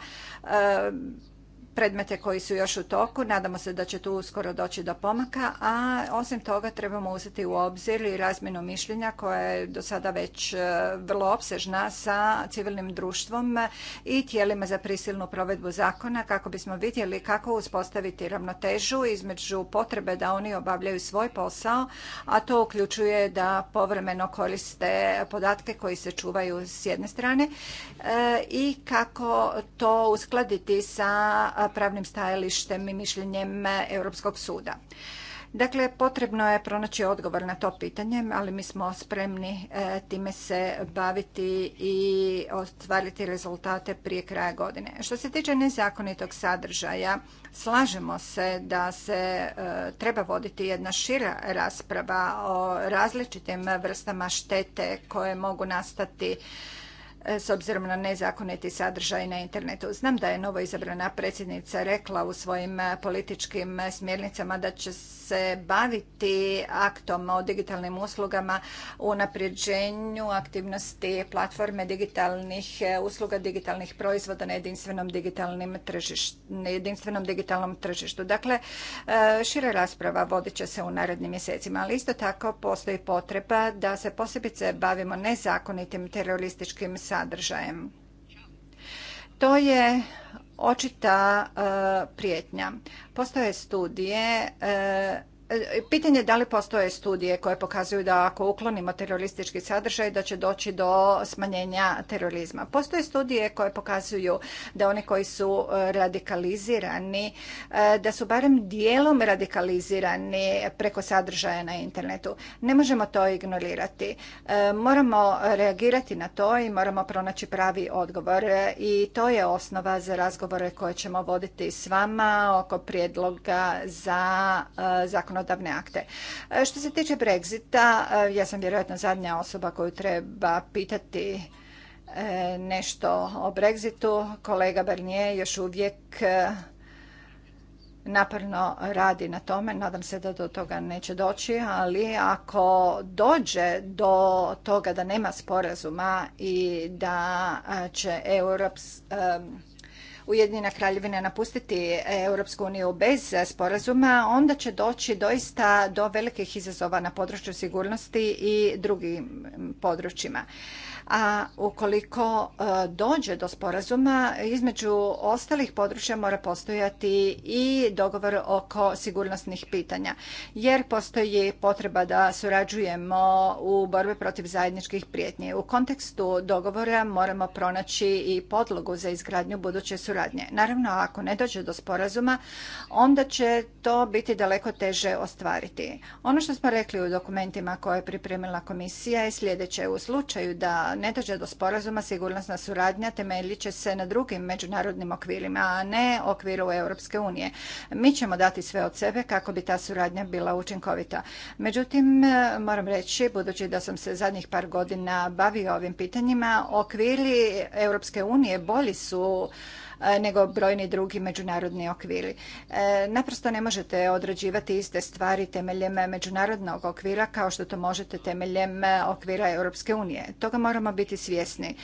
predmete koji su još u toku. Nadamo se da će tu uskoro doći do pomaka, a osim toga trebamo uzeti u obzir i razmjenu mišljenja koja je do sada već e, vrlo opsežna sa civilnim društvom i tijelima za prisilnu provedbu zakona kako bismo vidjeli kako uspostaviti ravnotežu između potrebe da oni obavljaju svoj posao, a to uključuje da povremeno koriste podatke koji se čuvaju s jedne strane e, i kako to uskladiti sa e, pravnim stajalištem i mišljenjem Europskog suda. Dakle, potrebno je pronaći odgovor na to pitanje, ali mi smo spremni e, time se baviti i ostvariti rezultate prije kraja godine. Što se tiče nezakonitog sadržaja, slažemo se da se e, treba voditi jedna šira rasprava o različitim vrstama štete koje mogu nastati E, s obzirom na nezakoniti sadržaj na internetu. Znam da je novo izabrana predsjednica rekla u svojim e, političkim e, smjernicama da će se baviti aktom o digitalnim uslugama u naprijeđenju aktivnosti platforme digitalnih e, usluga, digitalnih proizvoda na jedinstvenom, tržištu, na jedinstvenom digitalnom tržištu. Dakle, e, šira rasprava vodit će se u narednim mjesecima, ali isto tako postoji potreba da se posebice bavimo nezakonitim terorističkim sadržajem. To je očita e, prijetnja. Postoje studije e, E, pitanje je da li postoje studije koje pokazuju da ako uklonimo teroristički sadržaj da će doći do smanjenja terorizma. Postoje studije koje pokazuju da oni koji su e, radikalizirani, e, da su barem dijelom radikalizirani preko sadržaja na internetu. Ne možemo to ignorirati. Moramo reagirati na to i moramo pronaći pravi odgovor i to je osnova za razgovore koje ćemo voditi s vama oko prijedloga za zakon zakonodavne akte. E, što se tiče Brexita, e, ja sam vjerojatno zadnja osoba koju treba pitati e, nešto o Brexitu. Kolega Barnier još uvijek naprno radi na tome. Nadam se da do toga neće doći, ali ako dođe do toga da nema sporazuma i da će Europs, Ujedinjena kraljevina napustiti Europsku uniju bez sporazuma, onda će doći doista do velikih izazova na području sigurnosti i drugim područjima a ukoliko e, dođe do sporazuma između ostalih područja mora postojati i dogovor oko sigurnosnih pitanja jer postoji potreba da surađujemo u borbi protiv zajedničkih prijetnje. U kontekstu dogovora moramo pronaći i podlogu za izgradnju buduće suradnje. Naravno, ako ne dođe do sporazuma, onda će to biti daleko teže ostvariti. Ono što smo rekli u dokumentima koje je pripremila komisija je sljedeće. U slučaju da ne dođe do sporazuma, sigurnosna suradnja temeljit će se na drugim međunarodnim okvirima, a ne okviru Europske unije. Mi ćemo dati sve od sebe kako bi ta suradnja bila učinkovita. Međutim, e, moram reći, budući da sam se zadnjih par godina bavio ovim pitanjima, okviri Europske unije bolji su E, nego brojni drugi međunarodni okviri. E, naprosto ne možete odrađivati iste stvari temeljem međunarodnog okvira kao što to možete temeljem e, okvira Europske unije. Toga moramo biti svjesni.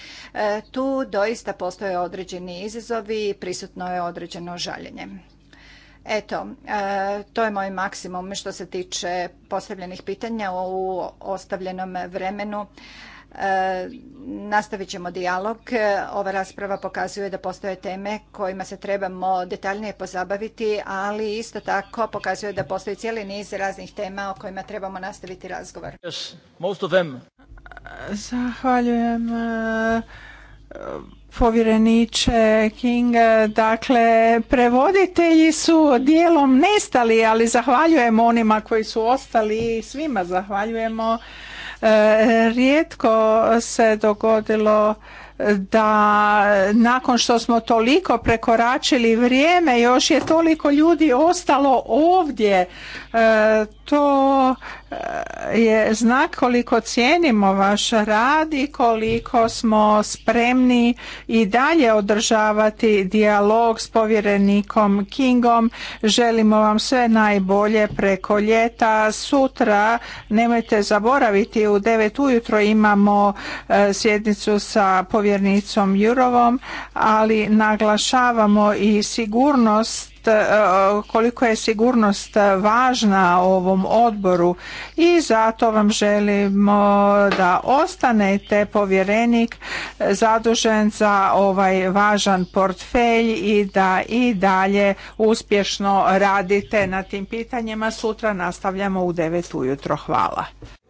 Tu doista postoje određeni izazovi i prisutno je određeno žaljenje. Eto, to je moj maksimum što se tiče postavljenih pitanja u ostavljenom vremenu. Nastavit ćemo dijalog. Ova rasprava pokazuje da postoje teme kojima se trebamo detaljnije pozabaviti, ali isto tako pokazuje da postoji cijeli niz raznih tema o kojima trebamo nastaviti razgovor. Zahvaljujem e, povjereniče King. Dakle, prevoditelji su dijelom nestali, ali zahvaljujemo onima koji su ostali i svima zahvaljujemo E, rijetko se dogodilo da nakon što smo toliko prekoračili vrijeme još je toliko ljudi ostalo ovdje e, to e, je znak koliko cijenimo vaš rad i koliko smo spremni i dalje održavati dijalog s povjerenikom Kingom. Želimo vam sve najbolje preko ljeta. Sutra nemojte zaboraviti u 9 ujutro imamo e, sjednicu sa povjerenikom povjernicom Jurovom, ali naglašavamo i sigurnost e, koliko je sigurnost važna ovom odboru i zato vam želimo da ostanete povjerenik e, zadužen za ovaj važan portfelj i da i dalje uspješno radite na tim pitanjima. Sutra nastavljamo u 9 ujutro. Hvala.